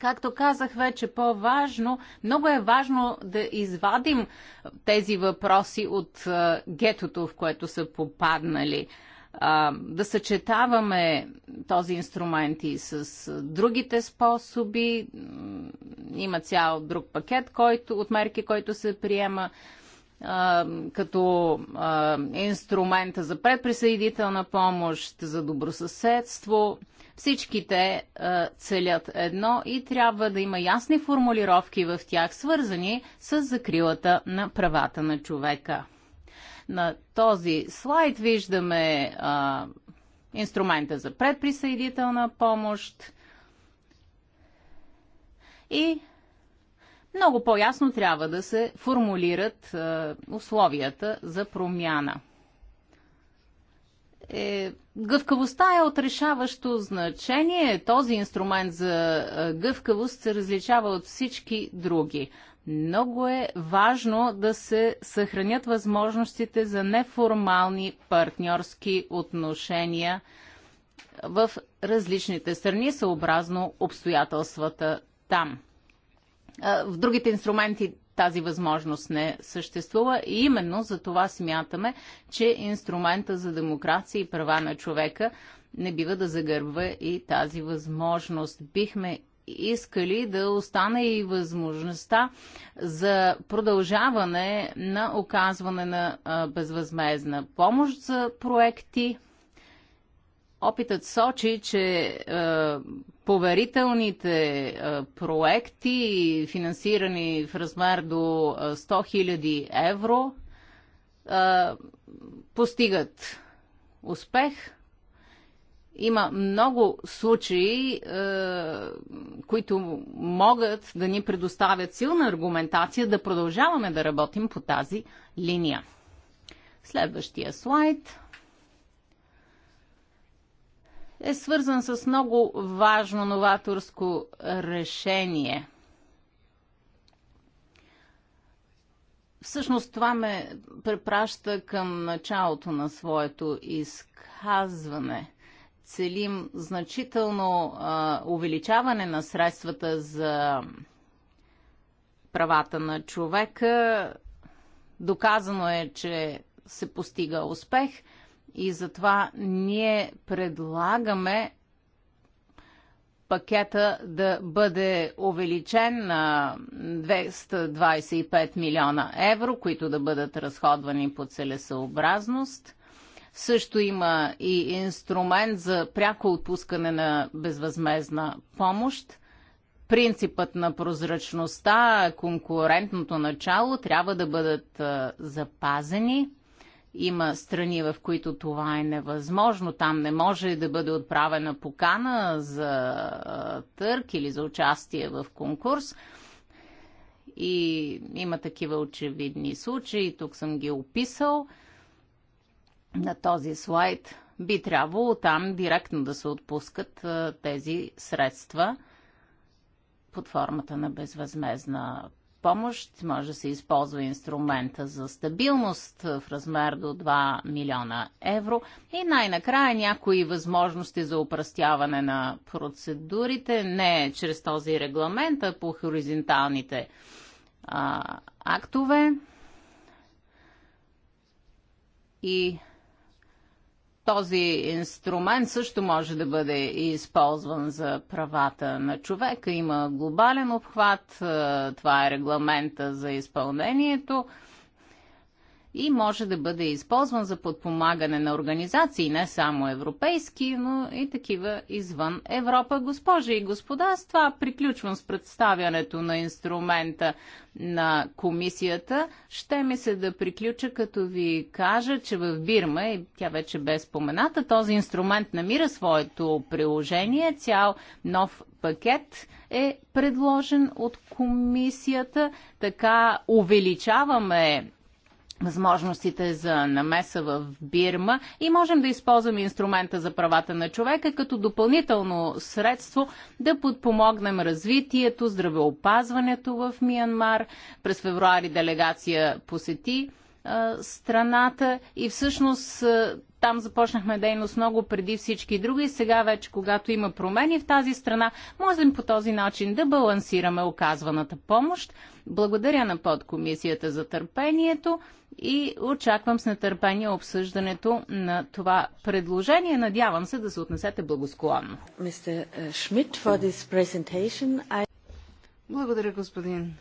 Както казах вече по-важно, много е важно да извадим тези въпроси от гетото, в което са попаднали а, да съчетаваме този инструмент и с другите способи. Има цял друг пакет който, от мерки, който се приема а, като а, инструмента за предприсъединителна помощ, за добросъседство. Всичките а, целят едно и трябва да има ясни формулировки в тях, свързани с закрилата на правата на човека. На този слайд виждаме а, инструмента за предприсъединителна помощ и много по-ясно трябва да се формулират а, условията за промяна. Е, гъвкавостта е от решаващо значение. Този инструмент за гъвкавост се различава от всички други. Много е важно да се съхранят възможностите за неформални партньорски отношения в различните страни, съобразно обстоятелствата там. В другите инструменти тази възможност не съществува и именно за това смятаме, че инструмента за демокрация и права на човека не бива да загърбва и тази възможност. Бихме искали да остане и възможността за продължаване на оказване на безвъзмезна помощ за проекти. Опитът сочи, че поверителните проекти, финансирани в размер до 100 000 евро, постигат успех – има много случаи, е, които могат да ни предоставят силна аргументация да продължаваме да работим по тази линия. Следващия слайд е свързан с много важно новаторско решение. Всъщност това ме препраща към началото на своето изказване целим значително а, увеличаване на средствата за правата на човека. Доказано е, че се постига успех и затова ние предлагаме пакета да бъде увеличен на 225 милиона евро, които да бъдат разходвани по целесъобразност – също има и инструмент за пряко отпускане на безвъзмезна помощ. Принципът на прозрачността, конкурентното начало трябва да бъдат запазени. Има страни, в които това е невъзможно. Там не може да бъде отправена покана за търк или за участие в конкурс. И има такива очевидни случаи, тук съм ги описал – на този слайд, би трябвало там директно да се отпускат тези средства под формата на безвъзмезна помощ. Може да се използва инструмента за стабилност в размер до 2 милиона евро. И най-накрая някои възможности за упростяване на процедурите, не чрез този регламент, а по хоризонталните а, актове. И този инструмент също може да бъде използван за правата на човека. Има глобален обхват, е, това е регламента за изпълнението и може да бъде използван за подпомагане на организации, не само европейски, но и такива извън Европа. Госпожи и господа, с това приключвам с представянето на инструмента на комисията. Ще ми се да приключа, като ви кажа, че в Бирма, и тя вече бе спомената, този инструмент намира своето приложение, цял нов пакет е предложен от комисията. Така увеличаваме възможностите за намеса в Бирма и можем да използваме инструмента за правата на човека като допълнително средство да подпомогнем развитието, здравеопазването в Миянмар. През февруари делегация посети страната и всъщност там започнахме дейност много преди всички други. Сега вече, когато има промени в тази страна, можем по този начин да балансираме оказваната помощ. Благодаря на подкомисията за търпението и очаквам с нетърпение обсъждането на това предложение. Надявам се да се отнесете благосклонно. Е, Благодаря, господин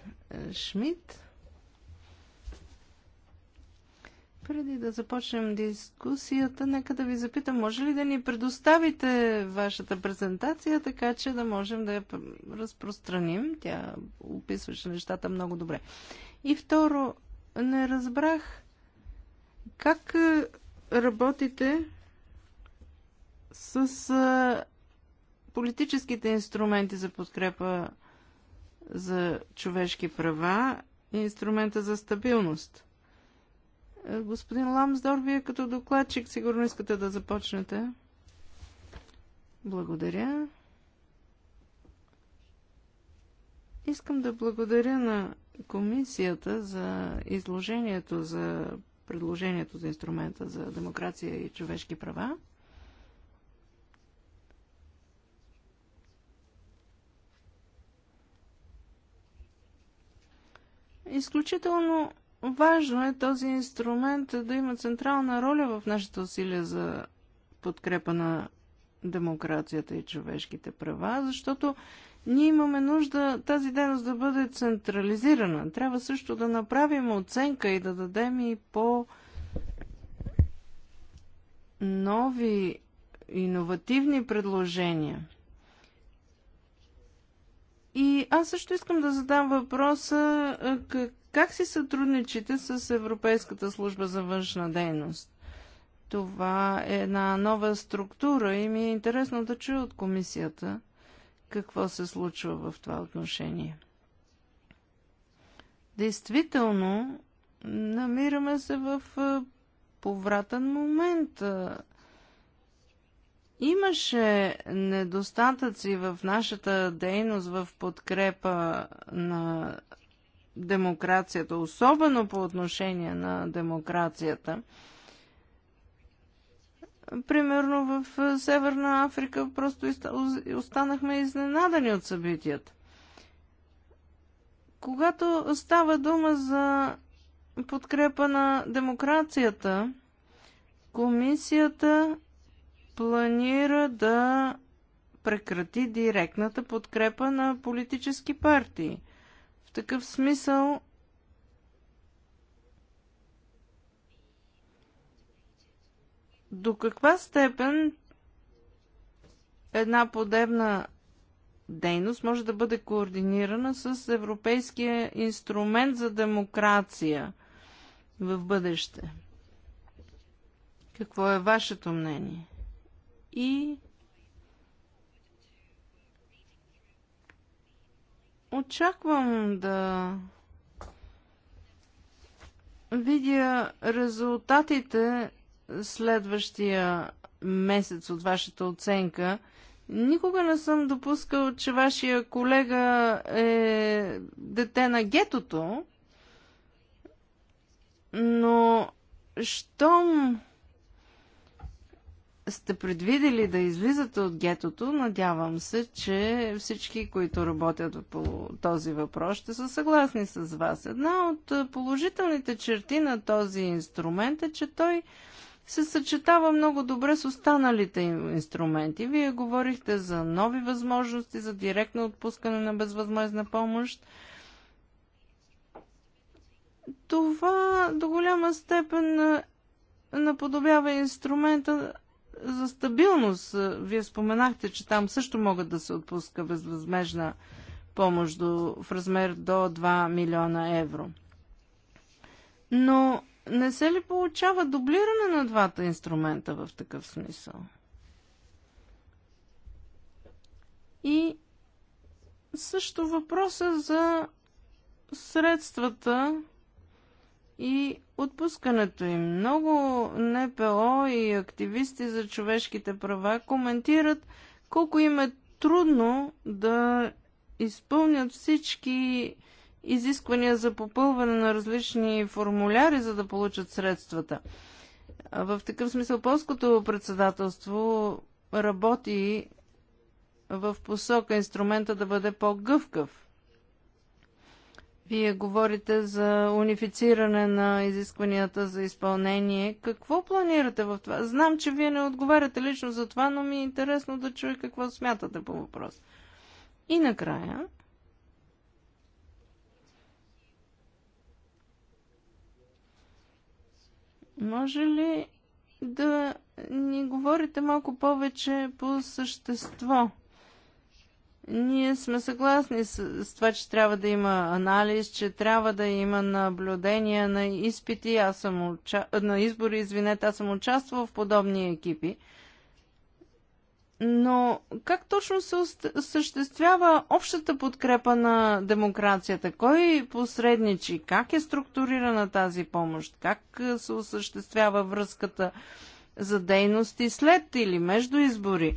е, Шмидт. преди да започнем дискусията, нека да ви запитам, може ли да ни предоставите вашата презентация, така че да можем да я разпространим? Тя описваше нещата много добре. И второ, не разбрах как е, работите с е, политическите инструменти за подкрепа за човешки права и инструмента за стабилност. Е, господин Ламсдор, вие като докладчик сигурно искате да започнете. Благодаря. Искам да благодаря на комисията за изложението за предложението за инструмента за демокрация и човешки права. Изключително Важно е този инструмент да има централна роля в нашите усилия за подкрепа на демокрацията и човешките права, защото ние имаме нужда тази дейност да бъде централизирана. Трябва също да направим оценка и да дадем и по нови иновативни предложения – и аз също искам да задам въпроса как, е, как си сътрудничите с Европейската служба за външна дейност? Това е една нова структура и ми е интересно да чуя от комисията какво се случва в това отношение. Действително, намираме се в е, повратен момент е, Имаше недостатъци в нашата дейност в подкрепа на демокрацията, особено по отношение на демокрацията. Примерно в е, Северна Африка просто останахме изненадани от събитията. Когато става дума за подкрепа на демокрацията, комисията планира да прекрати директната подкрепа на политически партии. В такъв смисъл до каква степен една подебна дейност може да бъде координирана с Европейския инструмент за демокрация в бъдеще? Какво е вашето мнение? и очаквам да видя резултатите следващия месец от вашата оценка. Никога не съм допускал, че вашия колега е дете на гетото, но щом сте предвидели да излизате от гетото, надявам се, че всички, които работят по този въпрос, ще са съгласни с вас. Една от положителните черти на този инструмент е, че той се съчетава много добре с останалите инструменти. Вие говорихте за нови възможности, за директно отпускане на безвъзмезна помощ. Това до голяма степен наподобява инструмента за стабилност. Вие споменахте, че там също могат да се отпуска безвъзмежна помощ до, в размер до 2 милиона евро. Но не се ли получава дублиране на двата инструмента в такъв смисъл? И също въпроса за средствата и отпускането им. Много НПО и активисти за човешките права коментират колко им е трудно да изпълнят всички изисквания за попълване на различни формуляри, за да получат средствата. В такъв смисъл полското председателство работи в посока инструмента да бъде по-гъвкав. Вие говорите за унифициране на изискванията за изпълнение. Какво планирате в това? Знам, че вие не отговаряте лично за това, но ми е интересно да чуя какво смятате по въпрос. И накрая, Може ли да ни говорите малко повече по същество? Ние сме съгласни с, с това, че трябва да има анализ, че трябва да има наблюдения на изпити, аз съм уча... на избори, извинете, аз съм участвал в подобни екипи. Но как точно се осъществява общата подкрепа на демокрацията? Кой посредничи? Как е структурирана тази помощ? Как се осъществява връзката за дейности след или между избори?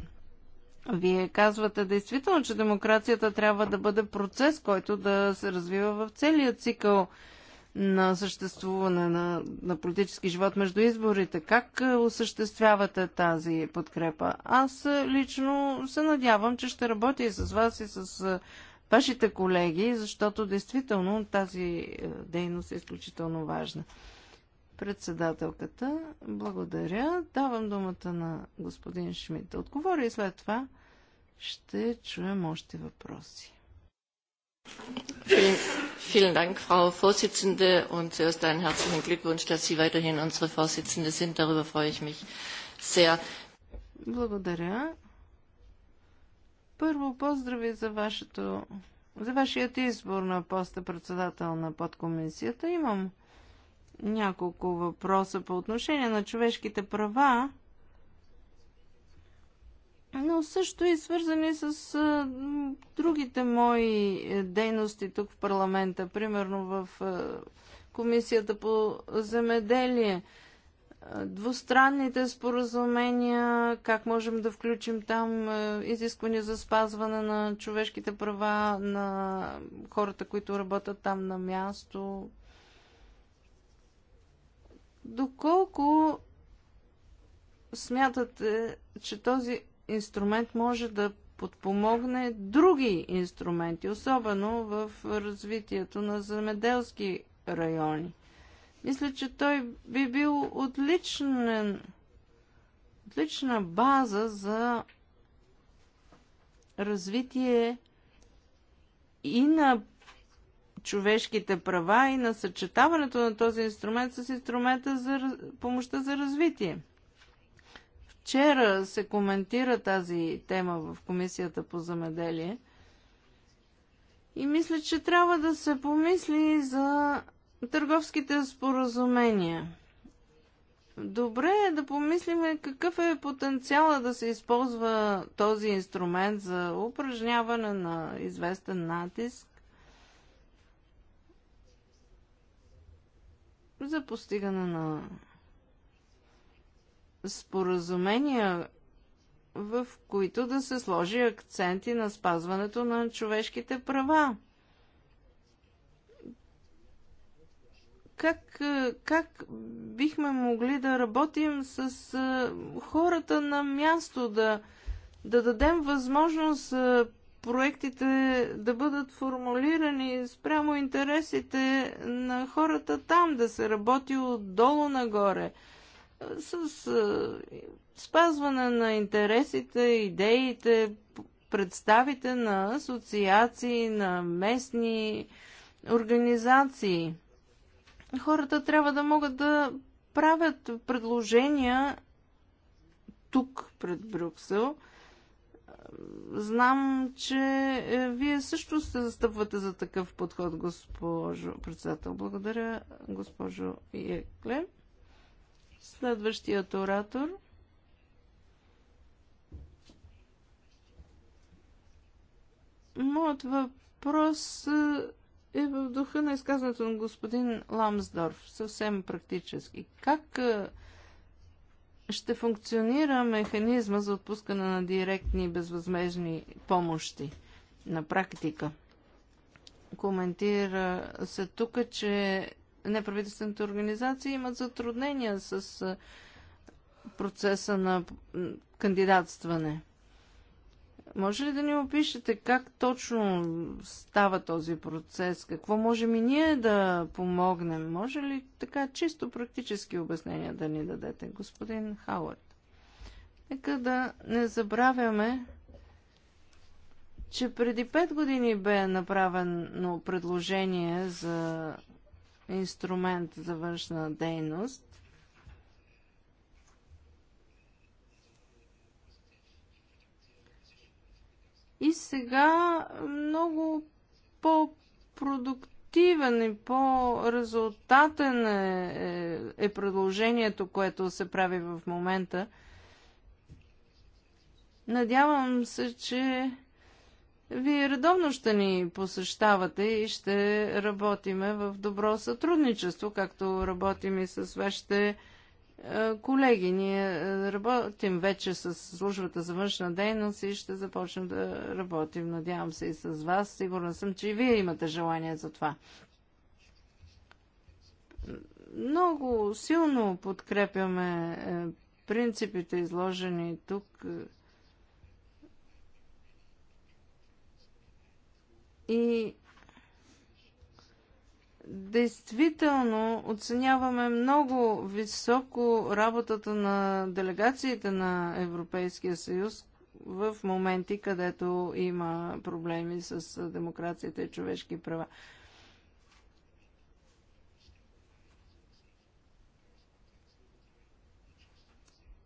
Вие казвате действително, че демокрацията трябва да бъде процес, който да се развива в целия цикъл на съществуване на, на политически живот между изборите. Как е, осъществявате тази подкрепа? Аз е, лично се надявам, че ще работя и с вас, и с е, вашите колеги, защото действително тази дейност е изключително важна. Председателката, благодаря. Давам думата на господин Шмидт да отговори и след това ще чуем още въпроси. Vielen Dank, Frau Vorsitzende, und zuerst einen herzlichen Glückwunsch, dass Sie weiterhin unsere Vorsitzende sind. Darüber freue ich mich sehr. Благодаря. Първо, поздрави за, вашето, за вашият избор на поста председател на подкомисията. Имам няколко въпроса по отношение на човешките права, но също и свързани с а, другите мои е, дейности тук в парламента, примерно в а, Комисията по земеделие двустранните споразумения, как можем да включим там е, изисквания за спазване на човешките права на хората, които работят там на място, Доколко смятате, че този инструмент може да подпомогне други инструменти, особено в развитието на земеделски райони? Мисля, че той би бил отличен, отлична база за развитие и на човешките права и на съчетаването на този инструмент с инструмента за помощта за развитие. Вчера се коментира тази тема в Комисията по замеделие и мисля, че трябва да се помисли за търговските споразумения. Добре е да помислим какъв е потенциала да се използва този инструмент за упражняване на известен натиск за постигане на споразумения, в които да се сложи акценти на спазването на човешките права. Как, как бихме могли да работим с хората на място, да, да дадем възможност проектите да бъдат формулирани спрямо интересите на хората там, да се работи отдолу нагоре, с спазване на интересите, идеите, представите на асоциации, на местни организации. Хората трябва да могат да правят предложения тук пред Брюксел – знам, че е, вие също се застъпвате за такъв подход, госпожо председател. Благодаря, госпожо Екле. Следващият оратор. Моят въпрос е, е в духа на изказването на господин Ламсдорф, съвсем практически. Как е, ще функционира механизма за отпускане на директни безвъзмежни помощи на практика. Коментира се тук, че неправителствените организации имат затруднения с процеса на кандидатстване. Може ли да ни опишете как точно става този процес? Какво можем и ние да помогнем? Може ли така чисто практически обяснения да ни дадете, господин Хауърд? Нека да не забравяме, че преди пет години бе направено предложение за инструмент за външна дейност И сега много по-продуктивен и по-резултатен е, е, е предложението, което се прави в момента. Надявам се, че вие редовно ще ни посещавате и ще работиме в добро сътрудничество, както работим и с вашите е, колеги, ние е, работим вече с службата за външна дейност и ще започнем да работим, надявам се, и с вас. Сигурна съм, че и вие имате желание за това. Много силно подкрепяме е, принципите, изложени тук. И Действително оценяваме много високо работата на делегациите на Европейския съюз в моменти, където има проблеми с демокрацията и човешки права.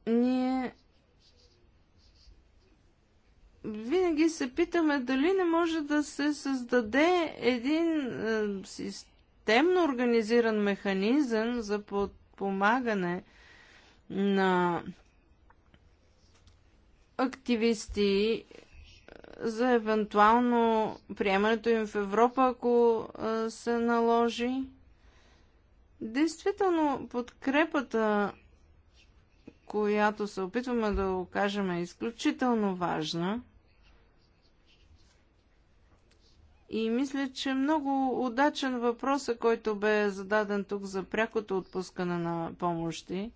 Ние винаги се питаме дали не може да се създаде един е, системно организиран механизъм за подпомагане на активисти е, за евентуално приемането им в Европа, ако е, се наложи. Действително, подкрепата, която се опитваме да окажем, е изключително важна – И мисля, че много удачен въпрос е, който бе зададен тук за прякото отпускане на помощи.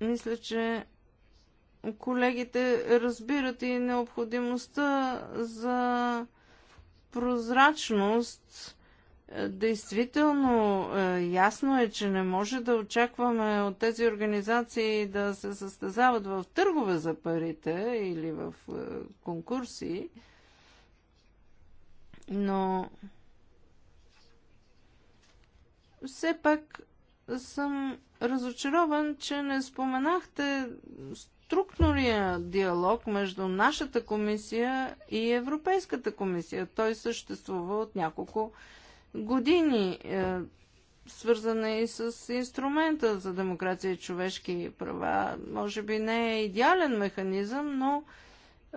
Мисля, че колегите разбират и необходимостта за прозрачност е, действително, е, ясно е, че не може да очакваме от тези организации да се състезават в търгове за парите или в е, конкурси, но все пак съм разочарован, че не споменахте структурния диалог между нашата комисия и Европейската комисия. Той съществува от няколко години години, е, свързана и с инструмента за демокрация и човешки права. Може би не е идеален механизъм, но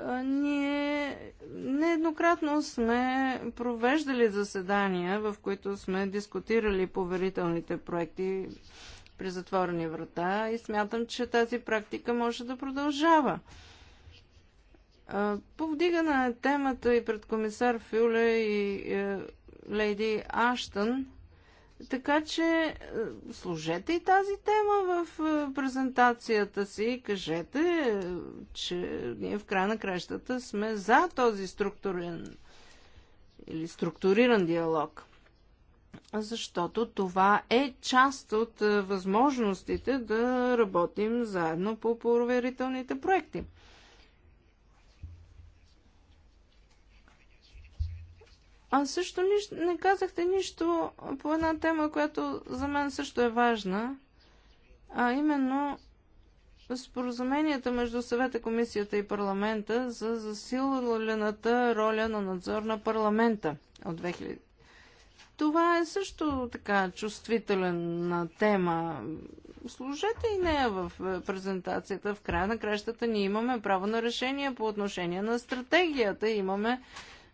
е, ние нееднократно сме провеждали заседания, в които сме дискутирали поверителните проекти при затворени врата и смятам, че тази практика може да продължава. Е, повдигана е темата и пред комисар Фюле и леди Аштън. Така че е, служете и тази тема в е, презентацията си и кажете, е, че ние в края на кращата сме за този структурен или структуриран диалог. Защото това е част от възможностите да работим заедно по проверителните проекти. А също ни, не казахте нищо по една тема, която за мен също е важна, а именно споразуменията между съвета, комисията и парламента за засилената роля на надзор на парламента от 2000. Това е също така чувствителна тема. Служете и нея в е, презентацията. В края на кращата ние имаме право на решение по отношение на стратегията. Имаме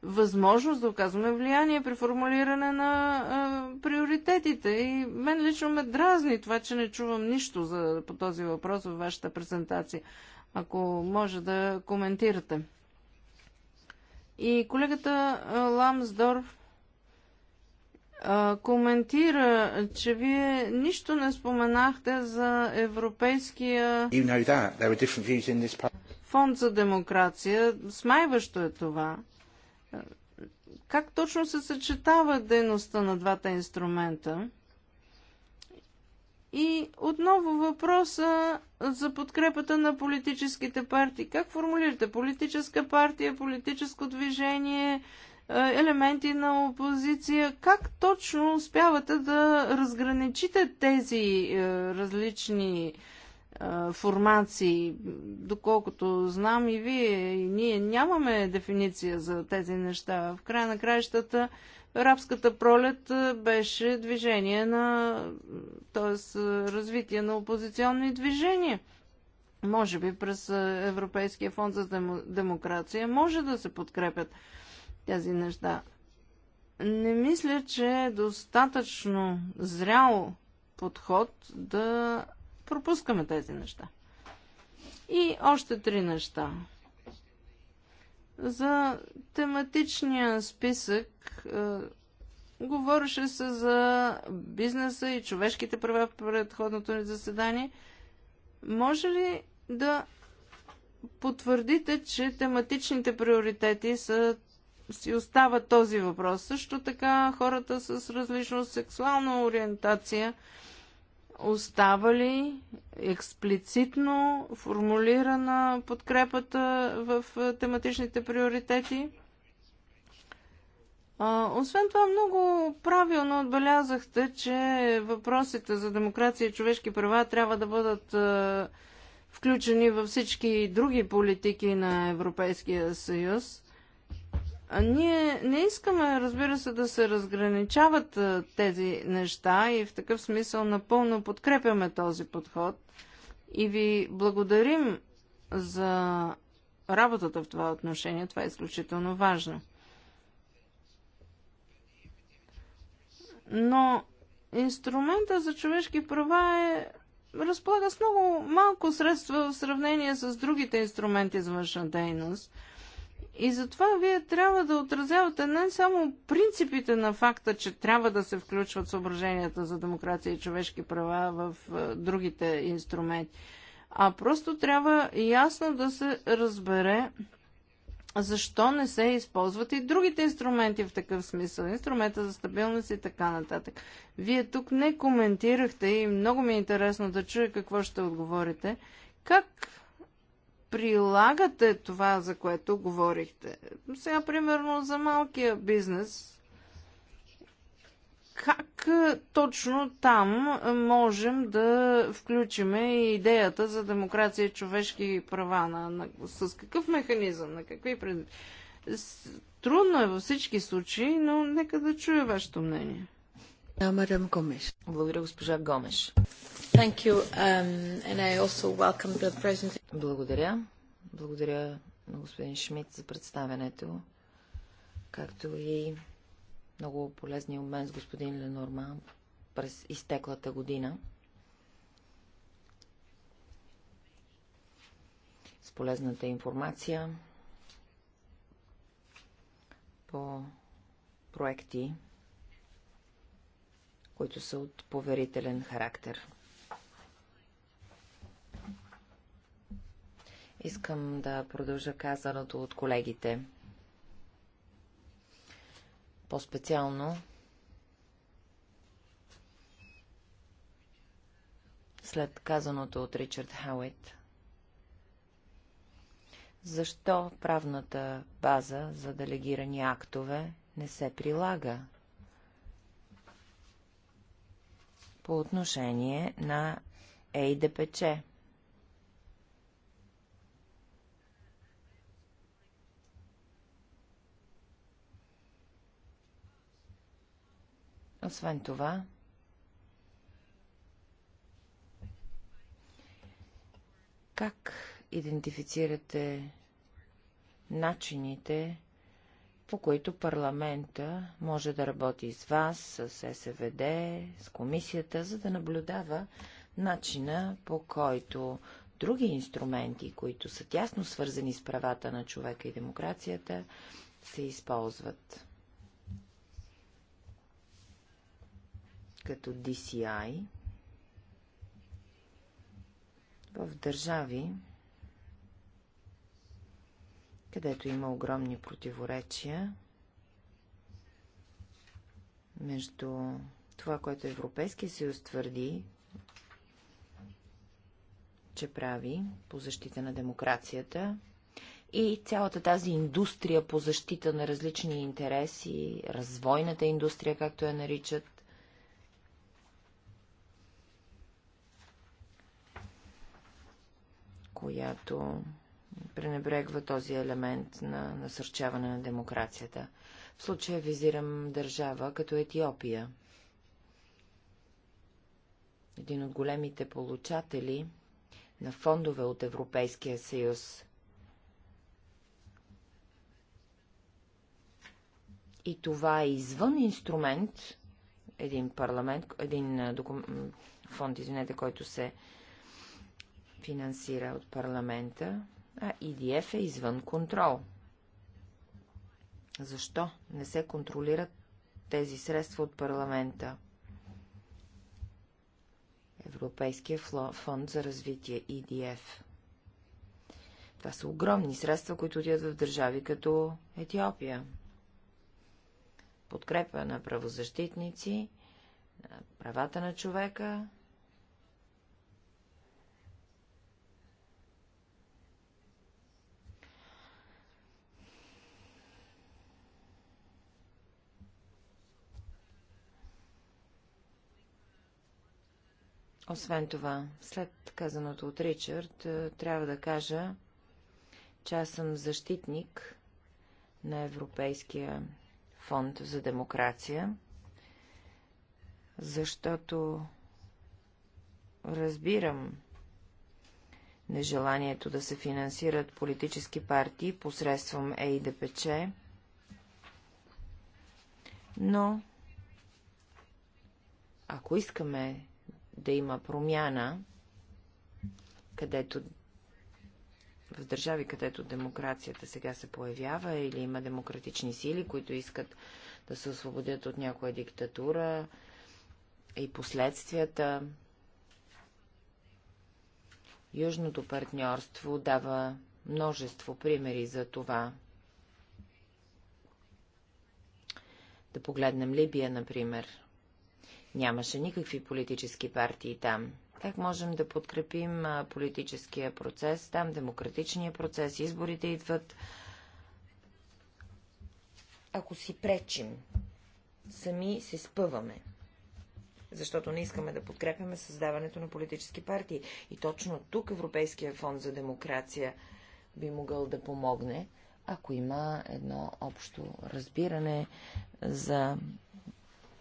възможност да оказваме влияние при формулиране на а, приоритетите. И мен лично ме дразни това, че не чувам нищо за, по този въпрос във вашата презентация. Ако може да коментирате. И колегата Ламсдорф а, коментира, че вие нищо не споменахте за европейския фонд за демокрация. Смайващо е това. Как точно се съчетава дейността на двата инструмента? И отново въпроса за подкрепата на политическите партии. Как формулирате? Политическа партия, политическо движение, е, елементи на опозиция. Как точно успявате да разграничите тези е, различни формации. Доколкото знам и вие, и ние нямаме дефиниция за тези неща. В края на краищата арабската пролет беше движение на, т.е. развитие на опозиционни движения. Може би през Европейския фонд за демокрация може да се подкрепят тези неща. Не мисля, че е достатъчно зрял подход да пропускаме тези неща. И още три неща. За тематичния списък е, говореше се за бизнеса и човешките права в предходното ни заседание. Може ли да потвърдите, че тематичните приоритети са, си остава този въпрос? Също така хората с различно сексуална ориентация – остава ли експлицитно формулирана подкрепата в тематичните приоритети? освен това, много правилно отбелязахте, че въпросите за демокрация и човешки права трябва да бъдат включени във всички други политики на Европейския съюз. Ние не искаме, разбира се, да се разграничават тези неща и в такъв смисъл напълно подкрепяме този подход и ви благодарим за работата в това отношение. Това е изключително важно. Но инструмента за човешки права е разполага с много малко средства в сравнение с другите инструменти за външна дейност – и затова вие трябва да отразявате не само принципите на факта, че трябва да се включват съображенията за демокрация и човешки права в е, другите инструменти, а просто трябва ясно да се разбере защо не се използват и другите инструменти в такъв смисъл, инструмента за стабилност и така нататък. Вие тук не коментирахте и много ми е интересно да чуя какво ще отговорите. Как прилагате това, за което говорихте? Сега, примерно, за малкия бизнес, как е, точно там е, можем да включиме идеята за демокрация и човешки права? На, на, с какъв механизъм? На какви пред... Трудно е във всички случаи, но нека да чуя вашето мнение. Благодаря, госпожа Гомеш. Um, Благодаря. Благодаря на господин Шмидт за представянето, както и много полезния обмен с господин Ленорман през изтеклата година. С полезната информация по проекти, които са от поверителен характер. Искам да продължа казаното от колегите. По-специално след казаното от Ричард Хаует. Защо правната база за делегирани актове не се прилага по отношение на ЕИДПЧ? Освен това, как идентифицирате начините, по които парламента може да работи с вас, с СВД, с комисията, за да наблюдава начина по който други инструменти, които са тясно свързани с правата на човека и демокрацията, се използват. като DCI в държави, където има огромни противоречия между това, което Европейския съюз твърди, че прави по защита на демокрацията и цялата тази индустрия по защита на различни интереси, развойната индустрия, както я наричат, която пренебрегва този елемент на насърчаване на демокрацията. В случая визирам държава като Етиопия. Един от големите получатели на фондове от Европейския съюз. И това е извън инструмент, един парламент, един докум... фонд, извинете, който се финансира от парламента, а ИДФ е извън контрол. Защо не се контролират тези средства от парламента? Европейския фонд за развитие ИДФ. Това са огромни средства, които отидат в държави като Етиопия. Подкрепа на правозащитници, правата на човека Освен това, след казаното от Ричард, е, трябва да кажа, че аз съм защитник на Европейския фонд за демокрация, защото разбирам нежеланието да се финансират политически партии посредством ЕИДПЧ, но ако искаме да има промяна, където в държави, където демокрацията сега се появява или има демократични сили, които искат да се освободят от някоя диктатура и последствията. Южното партньорство дава множество примери за това. Да погледнем Либия, например – Нямаше никакви политически партии там. Как можем да подкрепим политическия процес там, демократичния процес, изборите идват, ако си пречим, сами се спъваме защото не искаме да подкрепяме създаването на политически партии. И точно тук Европейския фонд за демокрация би могъл да помогне, ако има едно общо разбиране за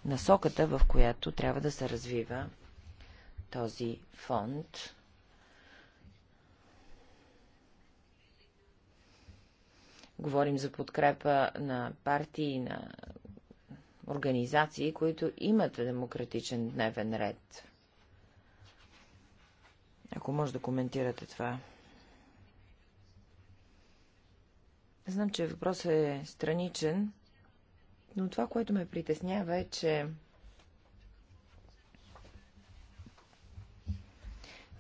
насоката, в която трябва да се развива този фонд. Говорим за подкрепа на партии, на организации, които имат демократичен дневен ред. Ако може да коментирате това. Знам, че въпросът е страничен, но това, което ме притеснява е, че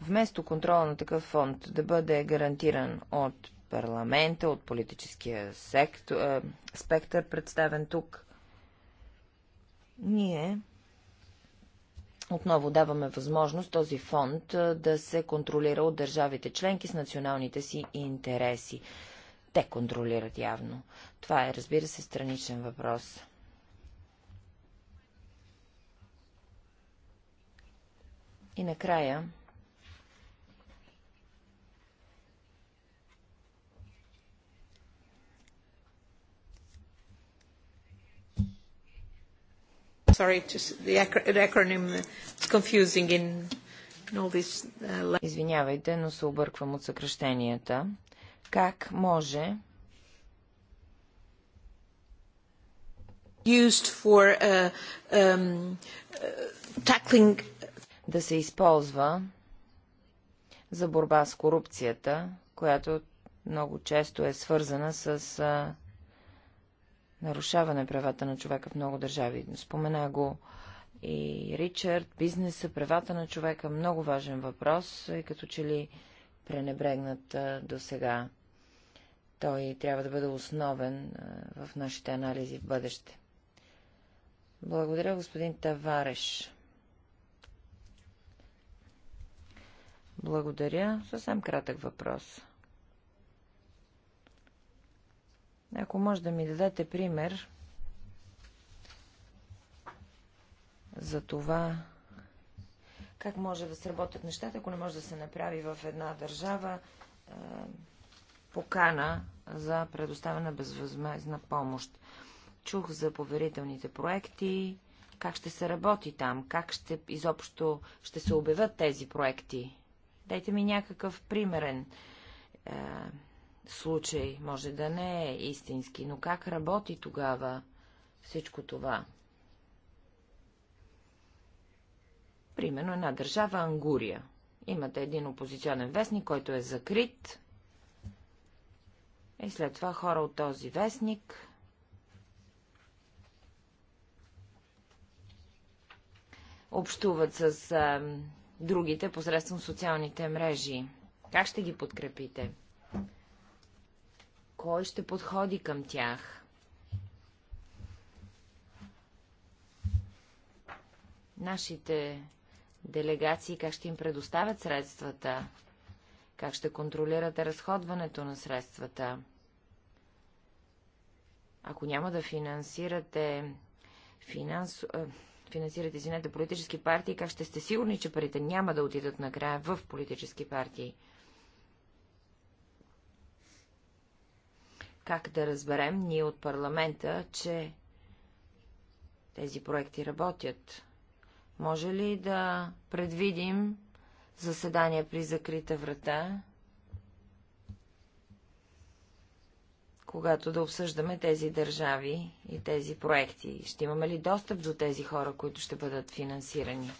вместо контрола на такъв фонд да бъде гарантиран от парламента, от политическия сектор, е, спектър, представен тук, ние отново даваме възможност този фонд е, да се контролира от държавите членки с националните си интереси те контролират явно. Това е, разбира се, страничен въпрос. И накрая... Извинявайте, но се обърквам от съкръщенията как може for, uh, um, uh, tackling... да се използва за борба с корупцията, която много често е свързана с uh, нарушаване правата на човека в много държави. Спомена го и Ричард, бизнеса, правата на човека, много важен въпрос, и е като че ли пренебрегнат до сега. Той трябва да бъде основен в нашите анализи в бъдеще. Благодаря, господин Тавареш. Благодаря. Съвсем кратък въпрос. Ако може да ми дадете пример за това, как може да сработят нещата, ако не може да се направи в една държава покана за предоставена безвъзмезна помощ. Чух за поверителните проекти, как ще се работи там, как ще изобщо ще се обявят тези проекти. Дайте ми някакъв примерен е, случай, може да не е истински, но как работи тогава всичко това? Примерно една държава Ангурия. Имате един опозиционен вестник, който е закрит, и след това хора от този вестник. Общуват с а, другите посредством социалните мрежи. Как ще ги подкрепите? Кой ще подходи към тях? Нашите делегации как ще им предоставят средствата? Как ще контролирате разходването на средствата? Ако няма да финансирате финансо... финансирате, извинете, политически партии, как ще сте сигурни, че парите няма да отидат накрая в политически партии? Как да разберем ние от парламента, че тези проекти работят? Може ли да предвидим заседания при закрита врата? когато да обсъждаме тези държави и тези проекти? Ще имаме ли достъп до тези хора, които ще бъдат финансирани?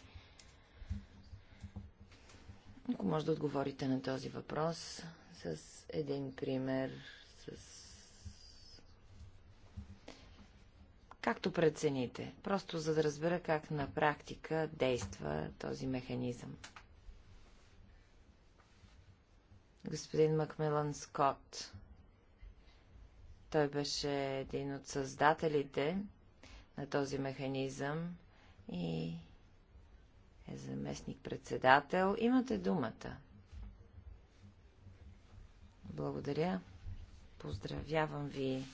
Ако може да отговорите на този въпрос с един пример, с... Както прецените, просто за да разбера как на практика действа този механизъм. Господин Макмелан Скотт той беше един от създателите на този механизъм и е заместник-председател. Имате думата. Благодаря. Поздравявам ви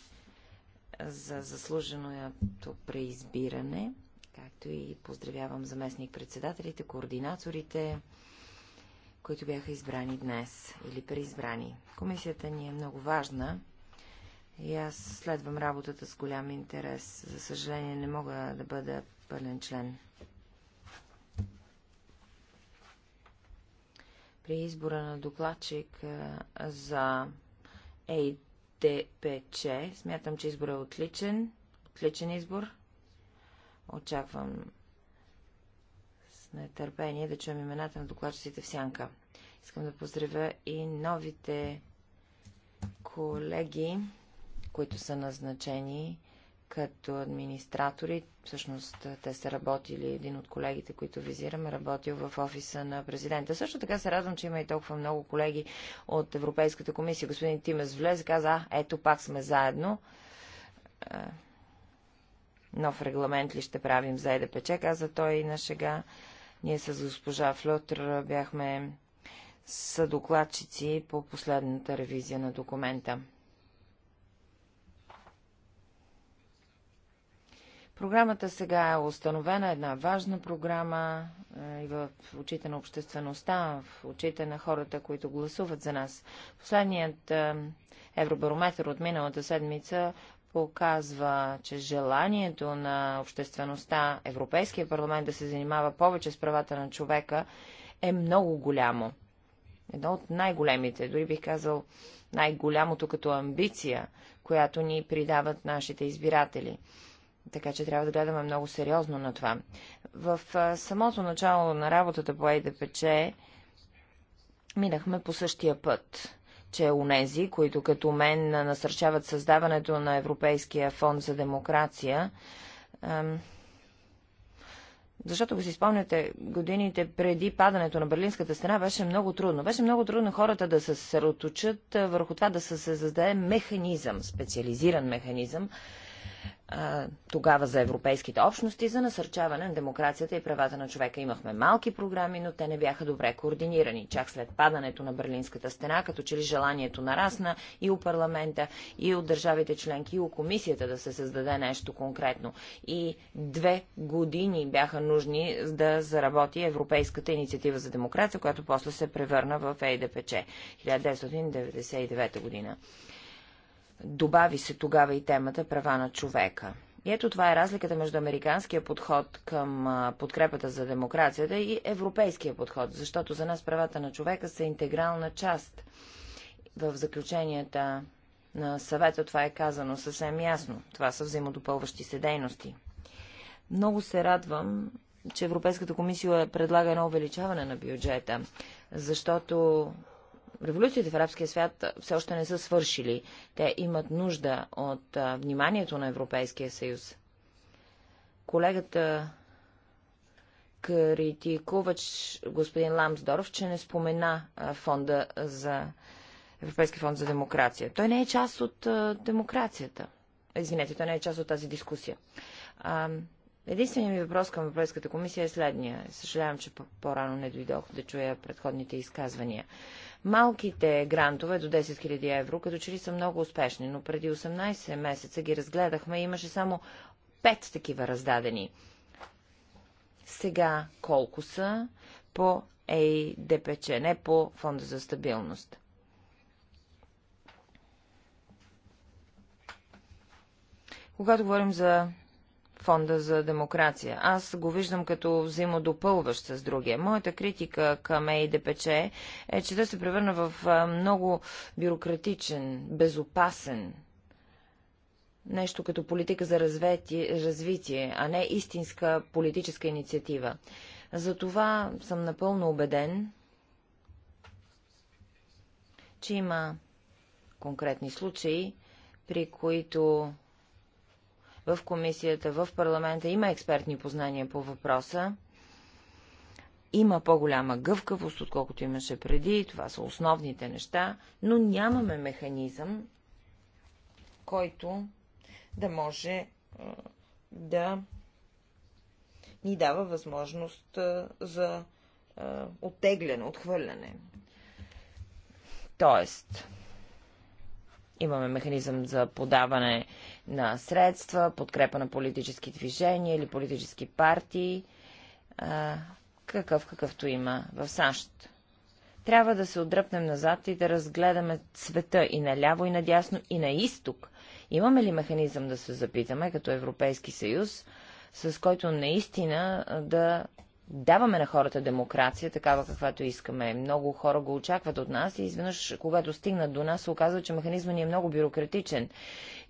за заслуженото преизбиране, както и поздравявам заместник-председателите, координаторите, които бяха избрани днес или преизбрани. Комисията ни е много важна и аз следвам работата с голям интерес. За съжаление не мога да бъда пълен член. При избора на докладчик за ЕИТПЧ смятам, че избор е отличен. Отличен избор. Очаквам с нетърпение да чуем имената на докладчиците в сянка. Искам да поздравя и новите колеги които са назначени като администратори. Всъщност те са работили, един от колегите, които визираме, работил в офиса на президента. Също така се радвам, че има и толкова много колеги от Европейската комисия. Господин Тимес влезе, каза, а, ето пак сме заедно. Нов регламент ли ще правим за ЕДПЧ, каза той и на шега. Ние с госпожа Флютр бяхме съдокладчици по последната ревизия на документа. Програмата сега е установена, една важна програма е, и в очите на обществеността, в очите на хората, които гласуват за нас. Последният е, евробарометр от миналата седмица показва, че желанието на обществеността, Европейския парламент да се занимава повече с правата на човека е много голямо. Едно от най-големите, дори бих казал най-голямото като амбиция, която ни придават нашите избиратели. Така че трябва да гледаме много сериозно на това. В самото начало на работата по ЕДПЧ минахме по същия път че унези, които като мен насърчават създаването на Европейския фонд за демокрация, защото, ако си спомняте, годините преди падането на Берлинската стена беше много трудно. Беше много трудно хората да се съсредоточат върху това да се създаде механизъм, специализиран механизъм, тогава за европейските общности за насърчаване на демокрацията и правата на човека. Имахме малки програми, но те не бяха добре координирани. Чак след падането на Берлинската стена, като че ли желанието нарасна и у парламента, и от държавите членки, и у комисията да се създаде нещо конкретно. И две години бяха нужни да заработи Европейската инициатива за демокрация, която после се превърна в ЕДПЧ 1999 година. Добави се тогава и темата права на човека. И ето това е разликата между американския подход към подкрепата за демокрацията и европейския подход, защото за нас правата на човека са интегрална част. В заключенията на съвета това е казано съвсем ясно. Това са взаимодопълващи се дейности. Много се радвам, че Европейската комисия предлага едно увеличаване на бюджета, защото Революциите в арабския свят все още не са свършили. Те имат нужда от вниманието на Европейския съюз. Колегата критикувач господин Ламсдоров, че не спомена фонда за Европейски фонд за демокрация. Той не е част от демокрацията. Извинете, той не е част от тази дискусия. Единственият ми въпрос към Европейската комисия е следния. Съжалявам, че по-рано не дойдох да чуя предходните изказвания. Малките грантове до 10 000 евро, като че ли са много успешни, но преди 18 месеца ги разгледахме и имаше само 5 такива раздадени. Сега колко са по ЕИДПЧ, не по Фонда за стабилност? Когато говорим за Фонда за демокрация. Аз го виждам като взаимодопълващ с другия. Моята критика към ЕИДПЧ е, че да се превърна в много бюрократичен, безопасен нещо като политика за развитие, а не истинска политическа инициатива. Затова съм напълно убеден, че има конкретни случаи, при които в комисията, в парламента има експертни познания по въпроса. Има по-голяма гъвкавост, отколкото имаше преди, това са основните неща, но нямаме механизъм, който да може е, да ни дава възможност е, за е, оттегляне, отхвърляне. Тоест, имаме механизъм за подаване на средства, подкрепа на политически движения или политически партии, какъв какъвто има в САЩ. Трябва да се отдръпнем назад и да разгледаме света и наляво, и надясно, и на изток. Имаме ли механизъм да се запитаме като Европейски съюз, с който наистина да даваме на хората демокрация, такава каквато искаме. Много хора го очакват от нас и изведнъж, когато стигнат до нас, се оказва, че механизма ни е много бюрократичен.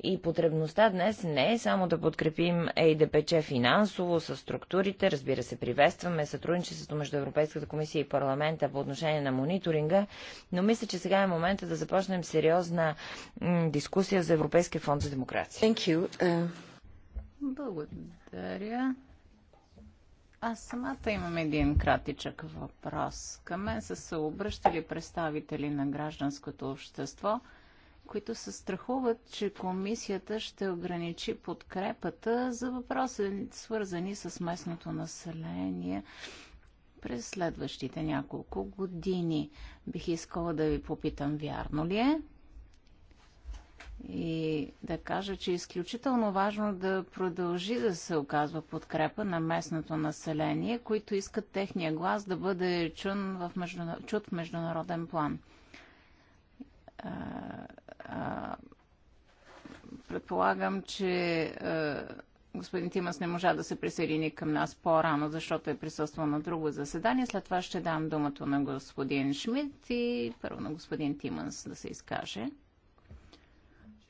И потребността днес не е само да подкрепим ЕИДПЧ финансово, с структурите, разбира се, приветстваме сътрудничеството между Европейската комисия и парламента по отношение на мониторинга, но мисля, че сега е момента да започнем сериозна дискусия за Европейския фонд за демокрация. Uh, Благодаря. Аз самата имам един кратичък въпрос. Към мен са се обръщали представители на гражданското общество, които се страхуват, че комисията ще ограничи подкрепата за въпроси, свързани с местното население през следващите няколко години. Бих искала да ви попитам, вярно ли е? и да кажа, че е изключително важно да продължи да се оказва подкрепа на местното население, които искат техния глас да бъде чун в междуна... чут в международен план. А, а, предполагам, че а, господин Тимас не можа да се присъедини към нас по-рано, защото е присъствал на друго заседание. След това ще дам думата на господин Шмидт и първо на господин Тимас да се изкаже.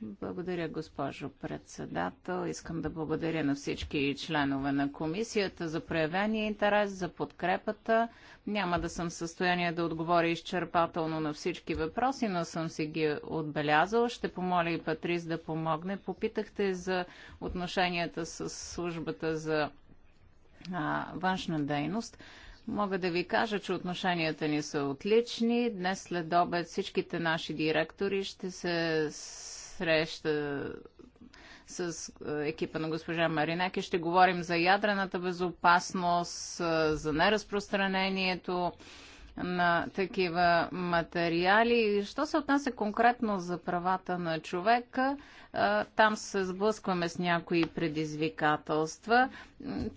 Благодаря, госпожо председател. Искам да благодаря на всички членове на комисията за проявения интерес, за подкрепата. Няма да съм в състояние да отговоря изчерпателно на всички въпроси, но съм си ги отбелязал. Ще помоля и Патрис да помогне. Попитахте за отношенията с службата за а, външна дейност. Мога да ви кажа, че отношенията ни са отлични. Днес след обед всичките наши директори ще се среща с е, екипа на госпожа Маринаки. Ще говорим за ядрената безопасност, е, за неразпространението на такива материали. Що се отнася конкретно за правата на човека, е, там се сблъскваме с някои предизвикателства.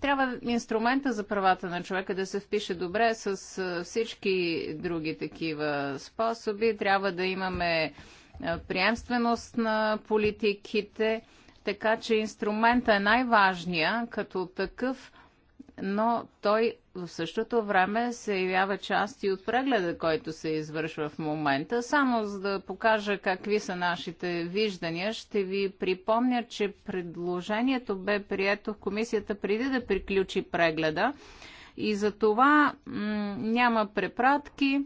Трябва инструмента за правата на човека да се впише добре с всички други такива способи. Трябва да имаме е, приемственост на политиките, така че инструмента е най-важния като такъв, но той в същото време се явява част и от прегледа, който се извършва в момента. Само за да покажа какви са нашите виждания, ще ви припомня, че предложението бе прието в комисията преди да приключи прегледа и за това няма препратки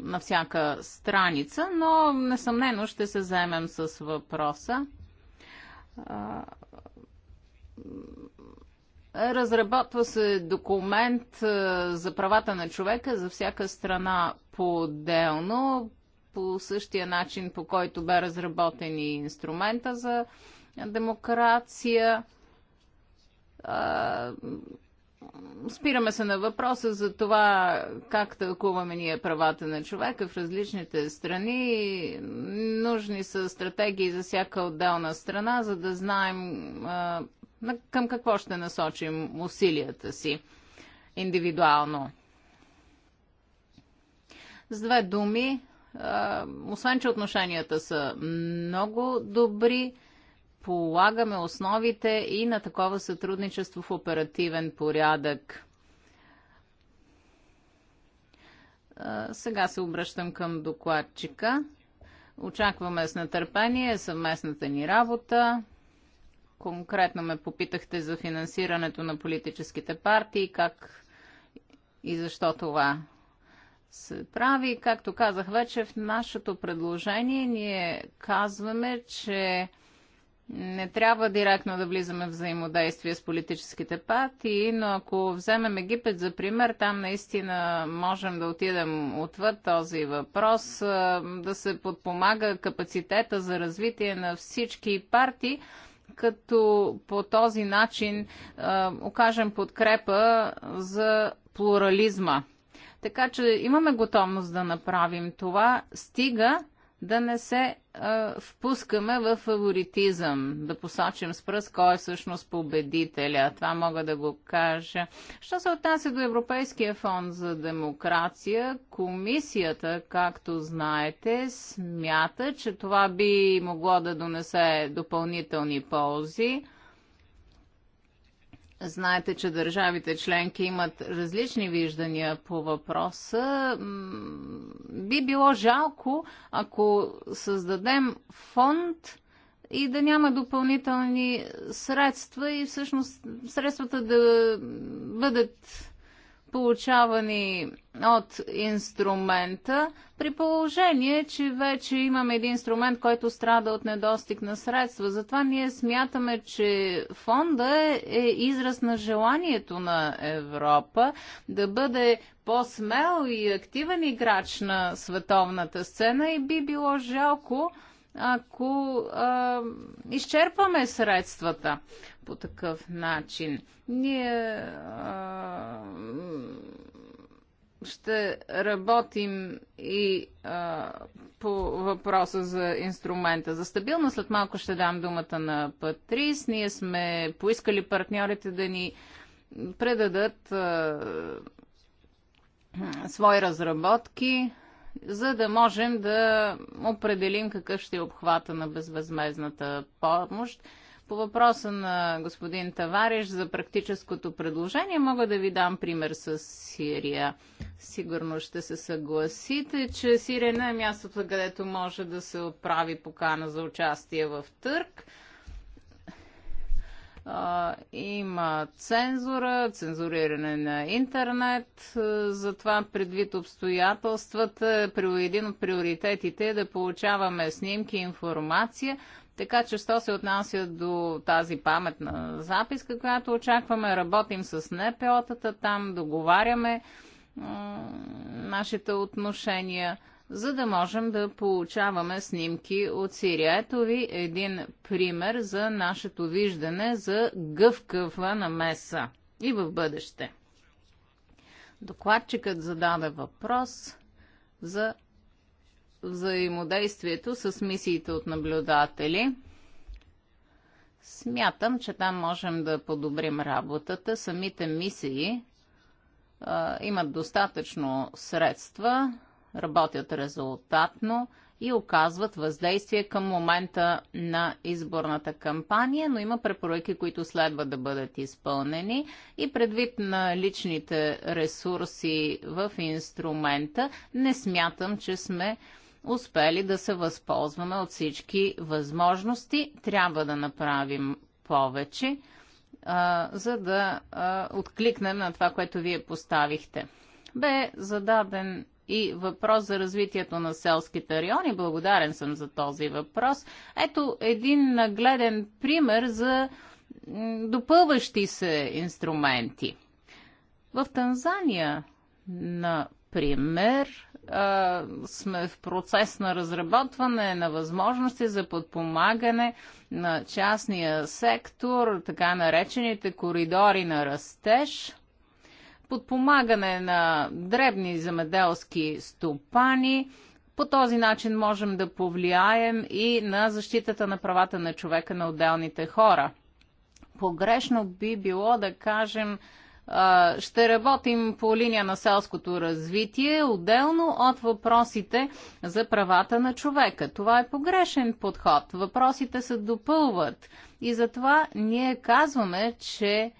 на всяка страница, но несъмнено ще се заемем с въпроса. разработва се документ за правата на човека за всяка страна по-отделно, по същия начин, по който бе разработен и инструмента за демокрация. Спираме се на въпроса за това как тълкуваме ние правата на човека в различните страни. Нужни са стратегии за всяка отделна страна, за да знаем а, към какво ще насочим усилията си индивидуално. С две думи, а, освен че отношенията са много добри, полагаме основите и на такова сътрудничество в оперативен порядък. Сега се обръщам към докладчика. Очакваме с нетърпение съвместната ни работа. Конкретно ме попитахте за финансирането на политическите партии, как и защо това се прави. Както казах вече, в нашето предложение ние казваме, че не трябва директно да влизаме в взаимодействие с политическите партии, но ако вземем Египет за пример, там наистина можем да отидем отвъд този въпрос, да се подпомага капацитета за развитие на всички партии, като по този начин окажем подкрепа за плурализма. Така че имаме готовност да направим това, стига да не се а, впускаме в фаворитизъм, да посочим с пръст кой е всъщност победителя. Това мога да го кажа. Що се отнася до Европейския фонд за демокрация, комисията, както знаете, смята, че това би могло да донесе допълнителни ползи Знаете, че държавите членки имат различни виждания по въпроса. Би било жалко, ако създадем фонд и да няма допълнителни средства и всъщност средствата да бъдат получавани от инструмента, при положение, че вече имаме един инструмент, който страда от недостиг на средства. Затова ние смятаме, че фонда е израз на желанието на Европа да бъде по-смел и активен играч на световната сцена и би било жалко ако а, изчерпваме средствата по такъв начин. Ние а, ще работим и а, по въпроса за инструмента за стабилност. След малко ще дам думата на Патрис. Ние сме поискали партньорите да ни предадат а, свои разработки за да можем да определим какъв ще е обхвата на безвъзмезната помощ. По въпроса на господин Тавариш за практическото предложение, мога да ви дам пример с Сирия. Сигурно ще се съгласите, че Сирия не е мястото, където може да се отправи покана за участие в търг има цензура, цензуриране на интернет. Затова предвид обстоятелствата, един от приоритетите е да получаваме снимки, информация. Така че, що се отнася до тази паметна записка, която очакваме, работим с НПО-тата там, договаряме нашите отношения за да можем да получаваме снимки от Сирия. Ето ви един пример за нашето виждане за гъвкава намеса и в бъдеще. Докладчикът зададе въпрос за взаимодействието с мисиите от наблюдатели. Смятам, че там можем да подобрим работата. Самите мисии а, имат достатъчно средства работят резултатно и оказват въздействие към момента на изборната кампания, но има препоръки, които следва да бъдат изпълнени и предвид на личните ресурси в инструмента, не смятам, че сме успели да се възползваме от всички възможности. Трябва да направим повече, а, за да а, откликнем на това, което вие поставихте. Бе зададен и въпрос за развитието на селските райони. Благодарен съм за този въпрос. Ето един нагледен пример за допълващи се инструменти. В Танзания, например, сме в процес на разработване на възможности за подпомагане на частния сектор, така наречените коридори на растеж – подпомагане на дребни земеделски стопани. По този начин можем да повлияем и на защитата на правата на човека на отделните хора. Погрешно би било да кажем, ще работим по линия на селското развитие, отделно от въпросите за правата на човека. Това е погрешен подход. Въпросите се допълват. И затова ние казваме, че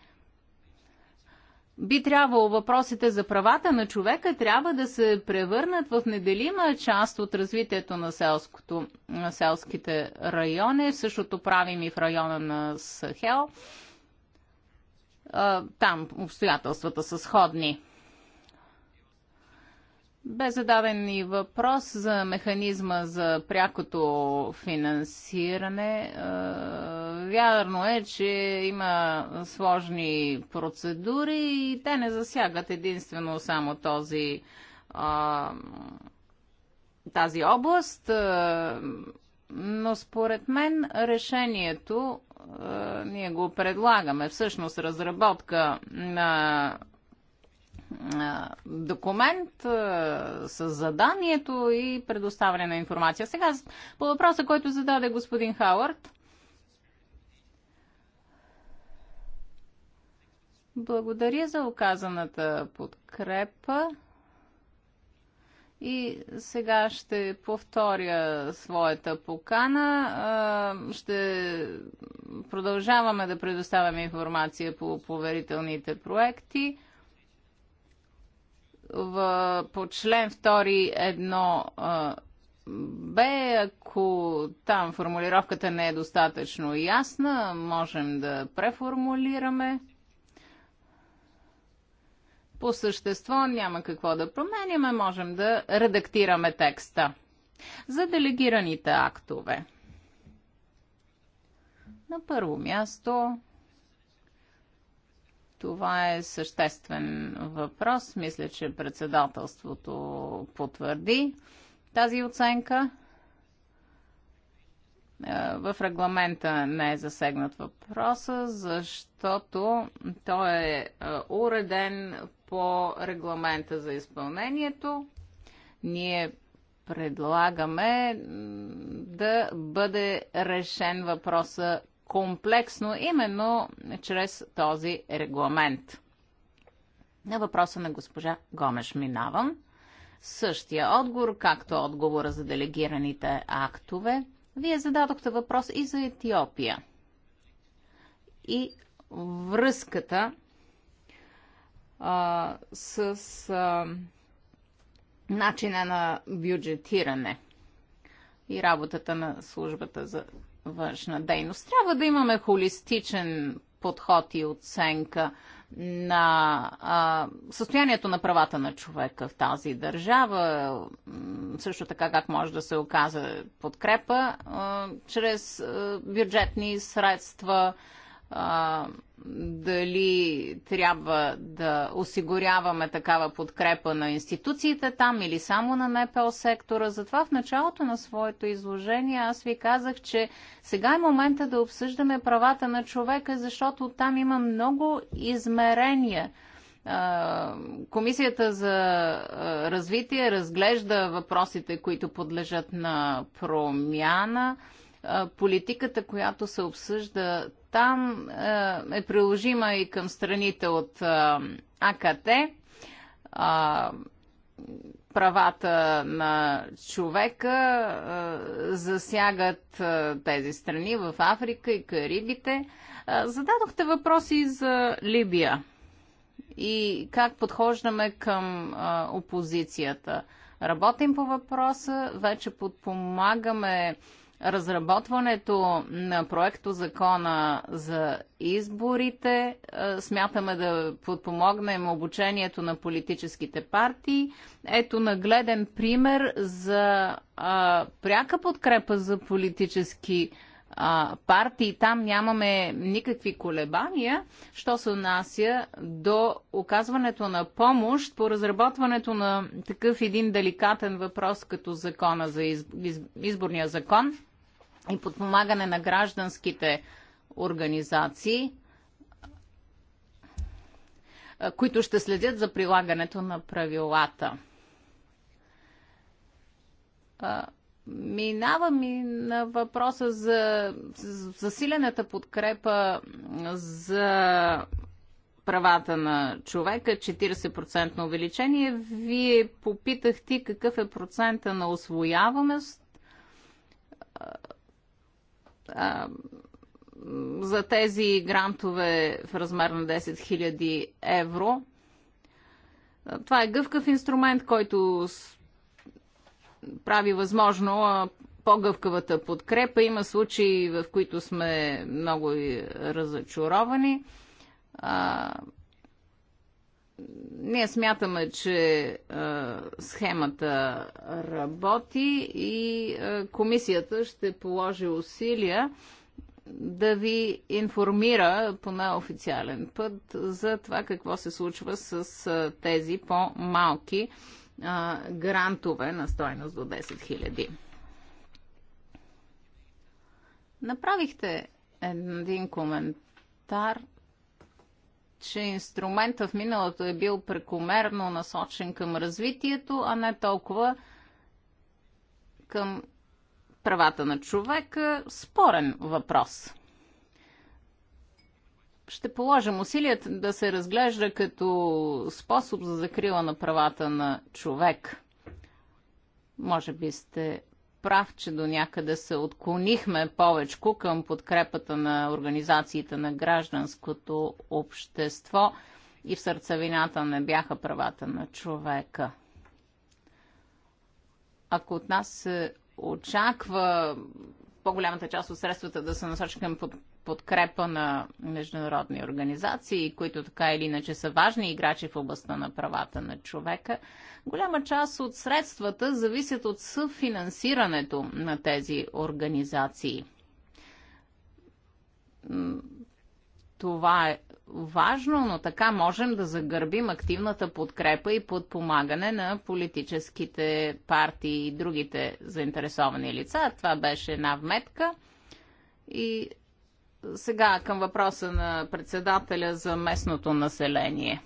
би трябвало въпросите за правата на човека трябва да се превърнат в неделима част от развитието на, селското, на селските райони. Същото правим и в района на Сахел. Там обстоятелствата са сходни. Бе зададен и въпрос за механизма за прякото финансиране. Е, вярно е, че има сложни процедури и те не засягат единствено само този тази област, е, но според мен решението е, ние го предлагаме. Всъщност разработка на документ с заданието и предоставяне на информация. Сега по въпроса, който зададе господин Хауърд. Благодаря за оказаната подкрепа. И сега ще повторя своята покана. Ще продължаваме да предоставяме информация по поверителните проекти в, по член едно Б, ако там формулировката не е достатъчно ясна, можем да преформулираме. По същество няма какво да променяме, можем да редактираме текста. За делегираните актове. На първо място това е съществен въпрос. Мисля, че председателството потвърди тази оценка. Е, в регламента не е засегнат въпроса, защото той е, е уреден по регламента за изпълнението. Ние предлагаме да бъде решен въпроса комплексно именно чрез този регламент. На въпроса на госпожа Гомеш минавам. Същия отговор, както отговора за делегираните актове. Вие зададохте въпрос и за Етиопия. И връзката а, с а, начина на бюджетиране и работата на службата за външна дейност. Трябва да имаме холистичен подход и оценка на а, състоянието на правата на човека в тази държава, също така как може да се оказа подкрепа а, чрез а, бюджетни средства, а, а, дали трябва да осигуряваме такава подкрепа на институциите там или само на НПО сектора. Затова в началото на своето изложение аз ви казах, че сега е момента да обсъждаме правата на човека, защото там има много измерения. Комисията за развитие разглежда въпросите, които подлежат на промяна политиката, която се обсъжда там е, е приложима и към страните от е, АКТ. Е, правата на човека засягат тези страни в Африка и Карибите. Зададохте въпроси за Либия и как подхождаме към опозицията. Работим по въпроса, вече подпомагаме разработването на проекто закона за изборите. Е, смятаме да подпомогнем обучението на политическите партии. Ето нагледен пример за а, е, пряка подкрепа за политически а, е, партии. Там нямаме никакви колебания, що се отнася до оказването на помощ по разработването на такъв един деликатен въпрос като закона за изб... изборния закон и подпомагане на гражданските организации, които ще следят за прилагането на правилата. Минавам и на въпроса за засилената подкрепа за правата на човека, 40% увеличение. Вие попитахте какъв е процента на освояваност а, за тези грантове в размер на 10 000 евро. Това е гъвкав инструмент, който прави възможно по-гъвкавата подкрепа. Има случаи, в които сме много разочаровани ние смятаме, че а, схемата работи и а, комисията ще положи усилия да ви информира по неофициален път за това какво се случва с а, тези по-малки грантове на стойност до 10 000. Направихте един коментар че инструментът в миналото е бил прекомерно насочен към развитието, а не толкова към правата на човека. Спорен въпрос ще положим усилият да се разглежда като способ за закрила на правата на човек. Може би сте прав, че до някъде се отклонихме повечко към подкрепата на организациите на гражданското общество и в сърцевината не бяха правата на човека. Ако от нас се очаква по-голямата част от средствата да се насочат към под, подкрепа на международни организации, които така или иначе са важни играчи в областта на правата на човека, Голяма част от средствата зависят от съфинансирането на тези организации. Това е важно, но така можем да загърбим активната подкрепа и подпомагане на политическите партии и другите заинтересовани лица. Това беше една вметка. И сега към въпроса на председателя за местното население.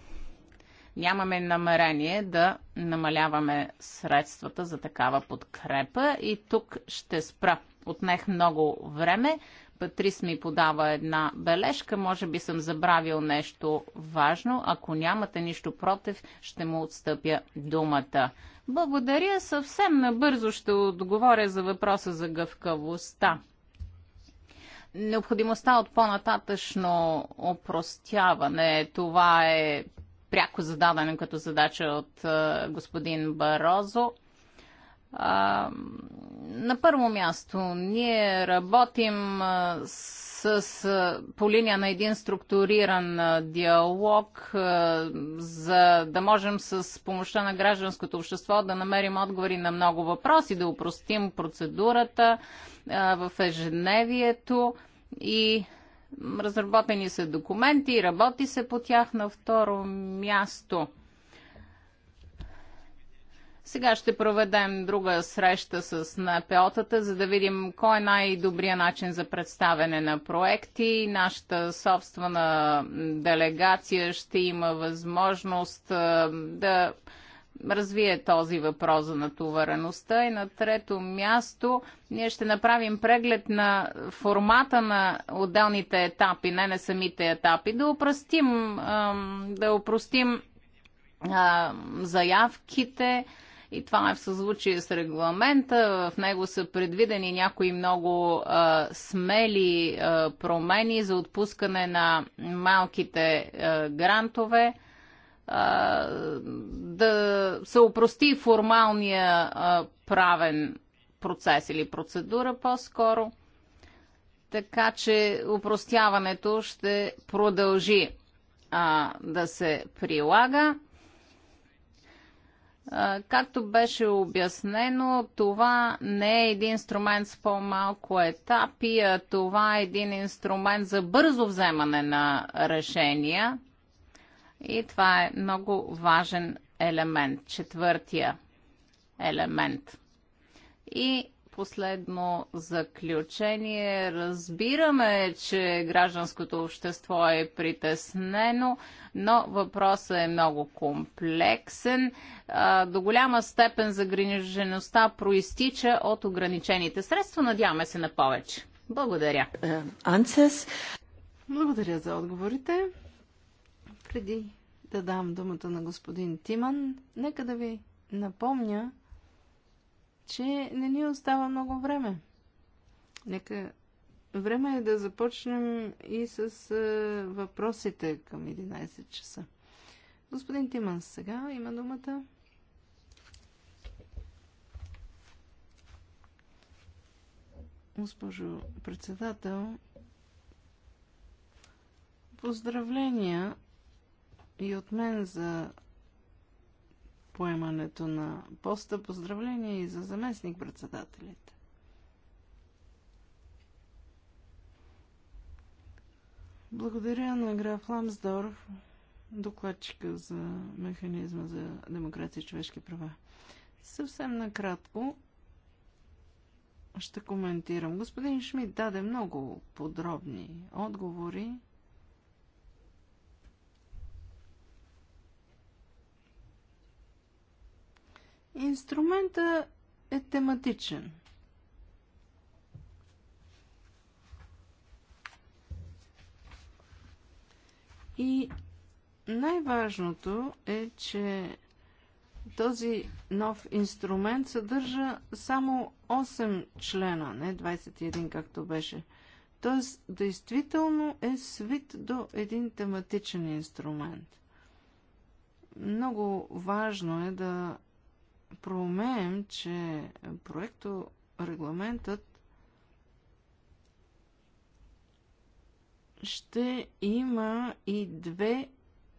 Нямаме намерение да намаляваме средствата за такава подкрепа и тук ще спра. Отнех много време. Патрис ми подава една бележка. Може би съм забравил нещо важно. Ако нямате нищо против, ще му отстъпя думата. Благодаря. Съвсем набързо ще отговоря за въпроса за гъвкавостта. Необходимостта от по-нататъчно опростяване, това е пряко зададен като задача от а, господин Барозо. А, на първо място, ние работим с, с, по линия на един структуриран диалог, а, за да можем с помощта на гражданското общество да намерим отговори на много въпроси, да упростим процедурата а, в ежедневието и Разработени са документи, работи се по тях на второ място. Сега ще проведем друга среща с НПО-тата, за да видим кой е най-добрият начин за представяне на проекти. Нашата собствена делегация ще има възможност да развие този въпрос за натовареността. И на трето място ние ще направим преглед на формата на отделните етапи, не на самите етапи, да упростим, да упростим заявките, и това е в съзвучие с регламента. В него са предвидени някои много а, смели а, промени за отпускане на малките а, грантове да се опрости формалния правен процес или процедура по-скоро, така че упростяването ще продължи а, да се прилага. Както беше обяснено, това не е един инструмент с по-малко етапи, а това е един инструмент за бързо вземане на решения – и това е много важен елемент, четвъртия елемент. И последно заключение. Разбираме, че гражданското общество е притеснено, но въпросът е много комплексен. До голяма степен загрижеността проистича от ограничените средства. Надяваме се на повече. Благодаря. Е, Анцес. Благодаря за отговорите преди да дам думата на господин Тиман, нека да ви напомня, че не ни остава много време. Нека време е да започнем и с е, въпросите към 11 часа. Господин Тиман сега има думата. Госпожо председател, поздравления и от мен за поемането на поста. Поздравления и за заместник-председателите. Благодаря на граф Ламсдорф, докладчика за механизма за демокрация и човешки права. Съвсем накратко ще коментирам. Господин Шмидт даде много подробни отговори Инструмента е тематичен. И най-важното е, че този нов инструмент съдържа само 8 члена, не 21, както беше. Тоест, действително е свит до един тематичен инструмент. Много важно е да проумеем, че проекто регламентът ще има и две,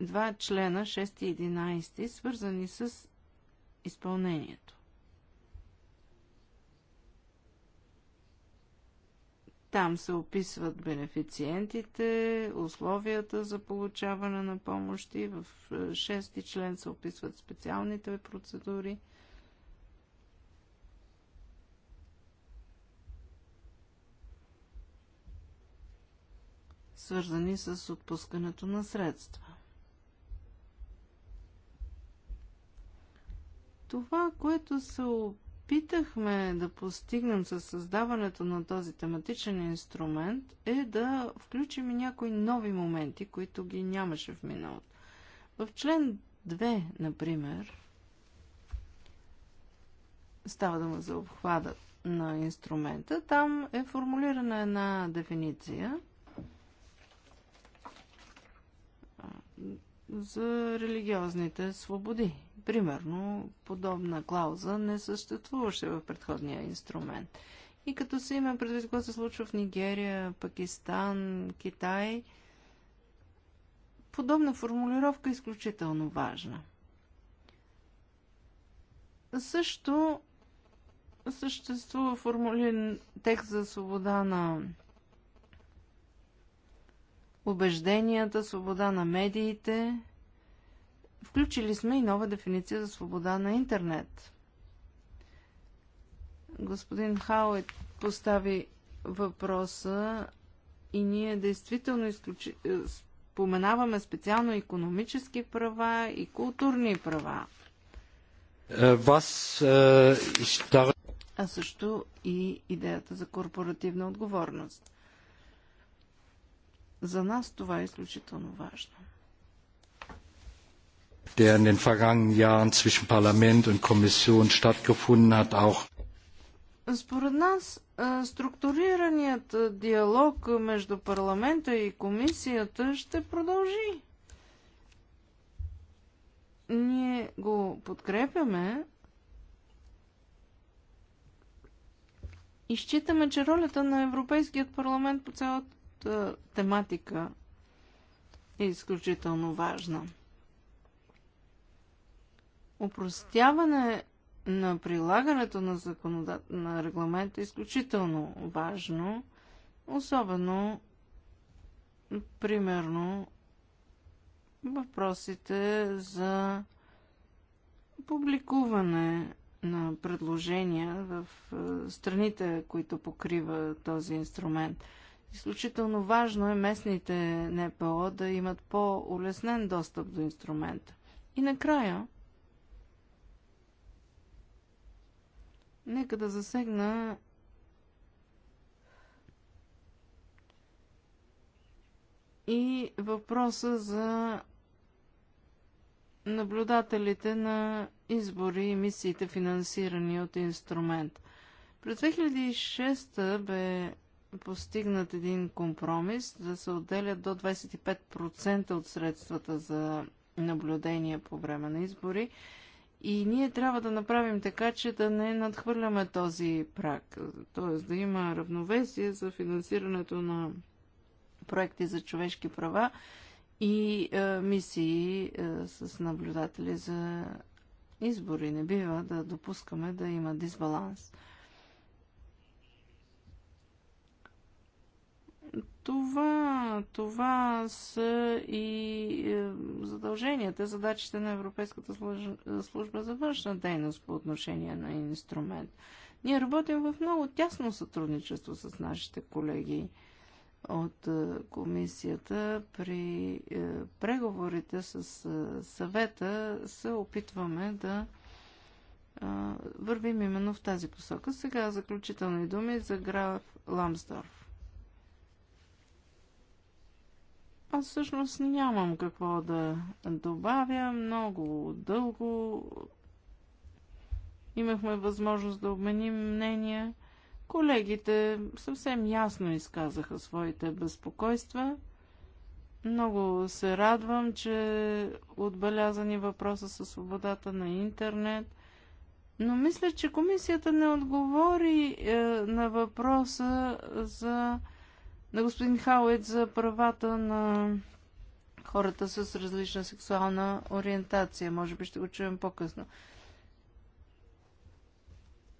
два члена, 6 и 11, свързани с изпълнението. Там се описват бенефициентите, условията за получаване на помощи. В е, шести член се описват специалните процедури – свързани с отпускането на средства. Това, което се опитахме да постигнем със създаването на този тематичен инструмент е да включим и някои нови моменти, които ги нямаше в миналото. В член 2, например, става дума за обхвата на инструмента, там е формулирана една дефиниция – за религиозните свободи. Примерно, подобна клауза не съществуваше в предходния инструмент. И като се има предвид какво се случва в Нигерия, Пакистан, Китай, подобна формулировка е изключително важна. Също съществува формулин текст за свобода на убежденията, свобода на медиите. Включили сме и нова дефиниция за свобода на интернет. Господин Хаует постави въпроса и ние действително изключи... Е, споменаваме специално економически права и културни права. Е, вас е, А също и идеята за корпоративна отговорност. За нас това е изключително важно. Der in den vergangenen Jahren zwischen Parlament und Kommission stattgefunden hat, auch според нас структурираният диалог между парламента и комисията ще продължи. Ние го подкрепяме и считаме, че ролята на Европейският парламент по цялата е, тематика е изключително важна. Опростяване на прилагането на, законодат... на регламент е изключително важно, особено, примерно, въпросите за публикуване на предложения в е, страните, които покрива този инструмент – Изключително важно е местните НПО да имат по-улеснен достъп до инструмента. И накрая, нека да засегна и въпроса за наблюдателите на избори и мисиите, финансирани от инструмент. През 2006 бе постигнат един компромис да се отделят до 25% от средствата за наблюдение по време на избори. И ние трябва да направим така, че да не надхвърляме този прак. Т.е. да има равновесие за финансирането на проекти за човешки права и е, мисии е, с наблюдатели за избори. Не бива да допускаме да има дисбаланс. Това, това са и е, задълженията, задачите на Европейската служба за външна дейност по отношение на инструмент. Ние работим в много тясно сътрудничество с нашите колеги от е, комисията. При е, преговорите с съвета се опитваме да вървим именно в тази посока. Сега заключителни думи за граф Ламсдорф. Аз всъщност нямам какво да добавя. Много дълго имахме възможност да обменим мнения. Колегите съвсем ясно изказаха своите безпокойства. Много се радвам, че отбелязани въпроса със свободата на интернет. Но мисля, че комисията не отговори е, на въпроса за на господин Хауед за правата на хората с различна сексуална ориентация. Може би ще го чуем по-късно.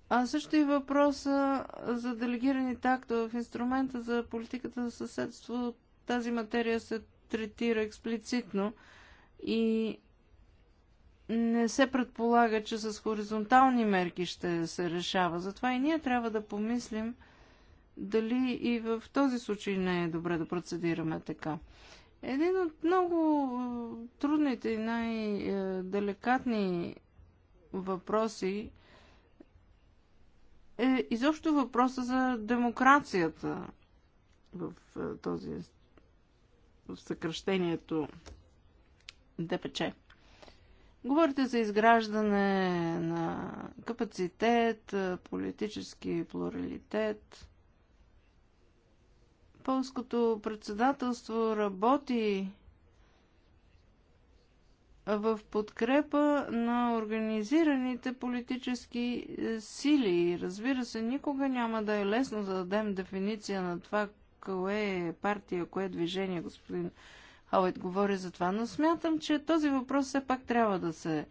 А също и въпроса за делегираните актове в инструмента за политиката за съседство. Тази материя се третира експлицитно и не се предполага, че с хоризонтални мерки ще се решава. Затова и ние трябва да помислим дали и в този случай не е добре да процедираме така. Един от много е, трудните и най-деликатни е, въпроси е изобщо въпроса за демокрацията в е, този в съкръщението ДПЧ. Говорите за изграждане на капацитет, политически плуралитет. Полското председателство работи в подкрепа на организираните политически сили. Разбира се, никога няма да е лесно да дадем дефиниция на това, кое е партия, кое е движение, господин Хаует говори за това, но смятам, че този въпрос все пак трябва да се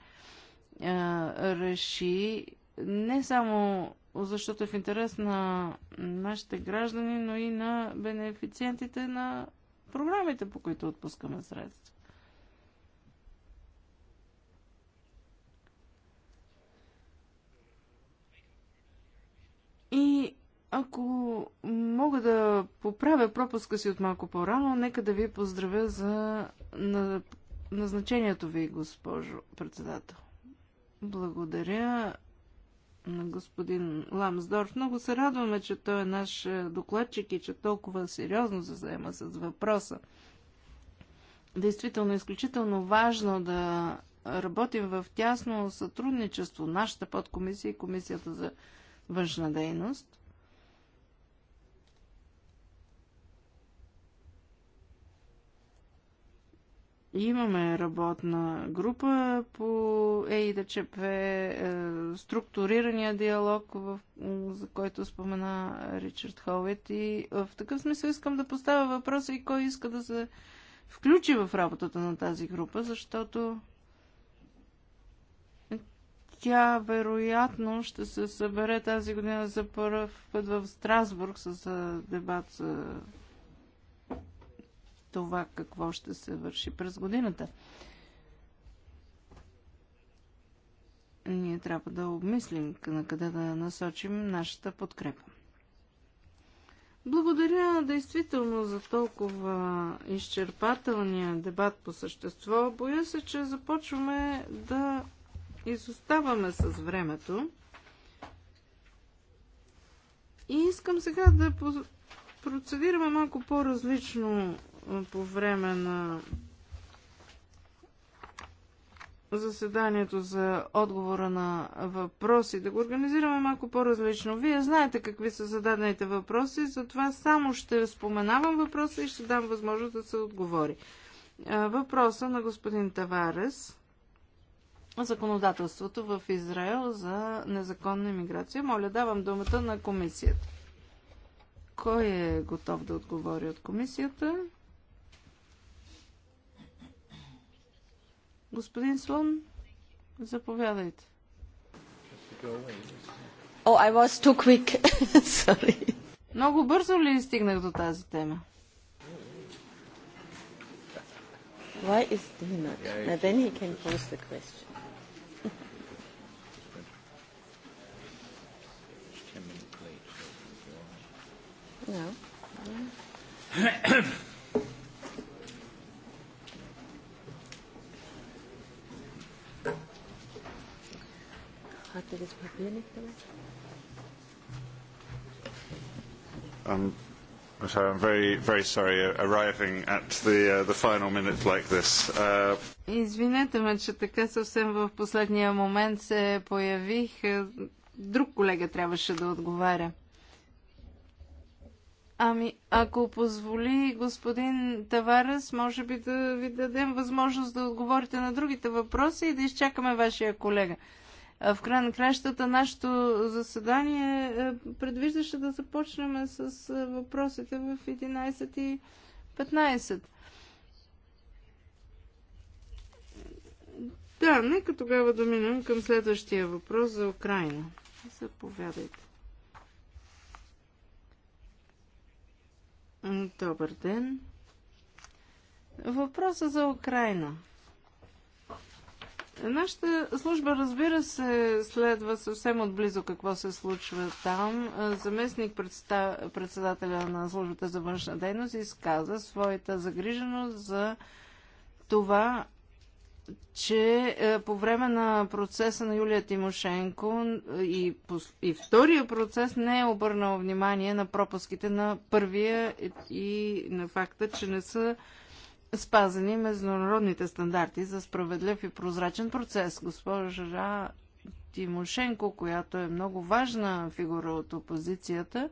а, реши не само защото е в интерес на нашите граждани, но и на бенефициентите на програмите, по които отпускаме средства. И ако мога да поправя пропуска си от малко по-рано, нека да ви поздравя за назначението ви, госпожо председател. Благодаря на господин Ламсдорф. Много се радваме, че той е наш е, докладчик и че толкова сериозно се заема с въпроса. Действително, е изключително важно да работим в тясно сътрудничество нашата подкомисия и комисията за външна дейност – Имаме работна група по ЕИДЧП, е, структурирания диалог, в, за който спомена Ричард Холвит. И е, в такъв смисъл искам да поставя въпроса и кой иска да се включи в работата на тази група, защото тя вероятно ще се събере тази година за първ път в Страсбург с е, дебат за това какво ще се върши през годината. Ние трябва да обмислим на къде да насочим нашата подкрепа. Благодаря действително за толкова изчерпателния дебат по същество. Боя се, че започваме да изоставаме с времето. И искам сега да процедираме малко по-различно по време на заседанието за отговора на въпроси, да го организираме малко по-различно. Вие знаете какви са зададените въпроси, затова само ще споменавам въпроса и ще дам възможност да се отговори. Въпроса на господин Таварес законодателството в Израел за незаконна иммиграция. Моля, давам думата на комисията. Кой е готов да отговори от комисията? Господин Слон, заповядайте. Oh, I was too quick. Sorry. Много бързо ли стигнах до тази тема? Why is Dina? Now then he can pose the question. No. Hat er das Papier nicht dabei? Um. But I'm very, very sorry Uh, arriving at the, uh, the final minute like this. Uh... Извинете ме, че така съвсем в последния момент се появих. Е, друг колега трябваше да отговаря. Ами, ако позволи господин Таварес, може би да ви дадем възможност да отговорите на другите въпроси и да изчакаме вашия колега. В край на кращата нашето заседание е, предвиждаше да започнем с е, въпросите в 11.15. Да, нека тогава да минем към следващия въпрос за Украина. Заповядайте. Добър ден. Въпроса за Украина. Нашата служба, разбира се, следва съвсем отблизо какво се случва там. Заместник председателя на службата за външна дейност изказа своята загриженост за това, че е, по време на процеса на Юлия Тимошенко е, и, и втория процес не е обърнал внимание на пропуските на първия и на факта, че не са спазени международните стандарти за справедлив и прозрачен процес. Госпожа Тимошенко, която е много важна фигура от опозицията,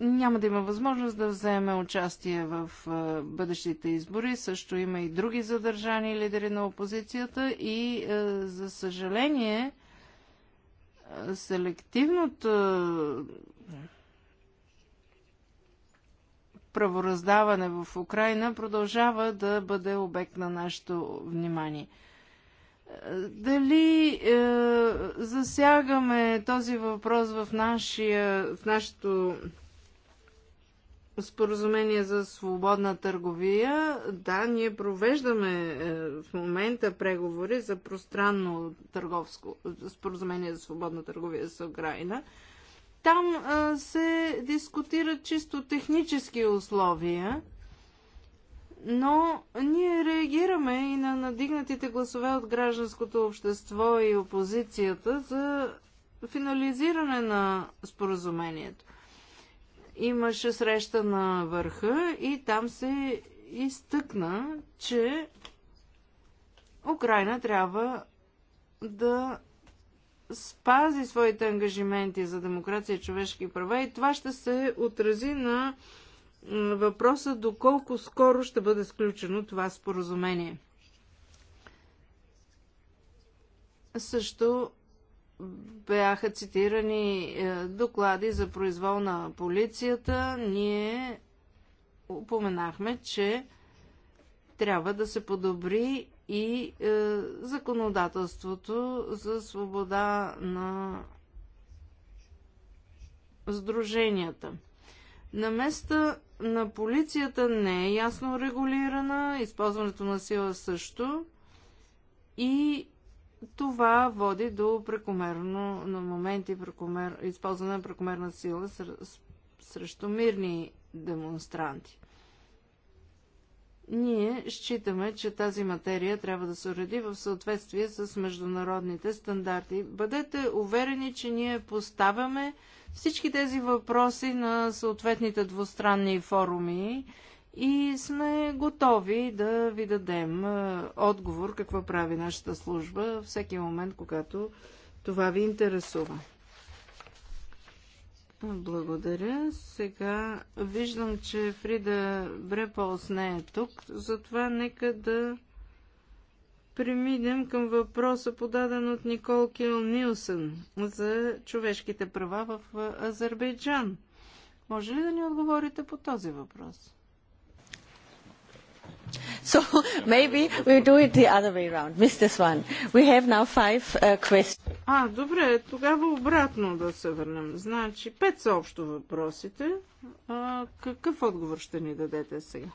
няма да има възможност да вземе участие в бъдещите избори. Също има и други задържани лидери на опозицията и, за съжаление, селективното правораздаване в Украина продължава да бъде обект на нашето внимание. Дали е, засягаме този въпрос в, нашия, в нашето споразумение за свободна търговия? Да, ние провеждаме е, в момента преговори за пространно търговско споразумение за свободна търговия с Украина. Е, там а, се дискутират чисто технически условия, но ние реагираме и на надигнатите гласове от гражданското общество и опозицията за финализиране на споразумението. Имаше среща на върха и там се изтъкна, че Украина трябва да спази своите ангажименти за демокрация и човешки права и това ще се отрази на въпроса доколко скоро ще бъде сключено това споразумение. Също бяха цитирани е, доклади за произвол на полицията. Ние упоменахме, че трябва да се подобри и е, законодателството за свобода на сдруженията. На места на полицията не е ясно регулирана, използването на сила също и това води до прекомерно, на моменти прекомер, използване на прекомерна сила срещу мирни демонстранти. Ние считаме, че тази материя трябва да се уреди в съответствие с международните стандарти. Бъдете уверени, че ние поставяме всички тези въпроси на съответните двустранни форуми и сме готови да ви дадем е, отговор какво прави нашата служба всеки момент, когато това ви интересува. Благодаря. Сега виждам, че Фрида Бреполс не е тук, затова нека да преминем към въпроса, подаден от Никол Кил Нилсън за човешките права в Азербайджан. Може ли да ни отговорите по този въпрос? So maybe we do it the other way around. Mr. Swan, we have now five uh, questions. А, добре, тогава обратно да се върнем. Значи, пет са общо въпросите. А, какъв отговор ще ни дадете сега?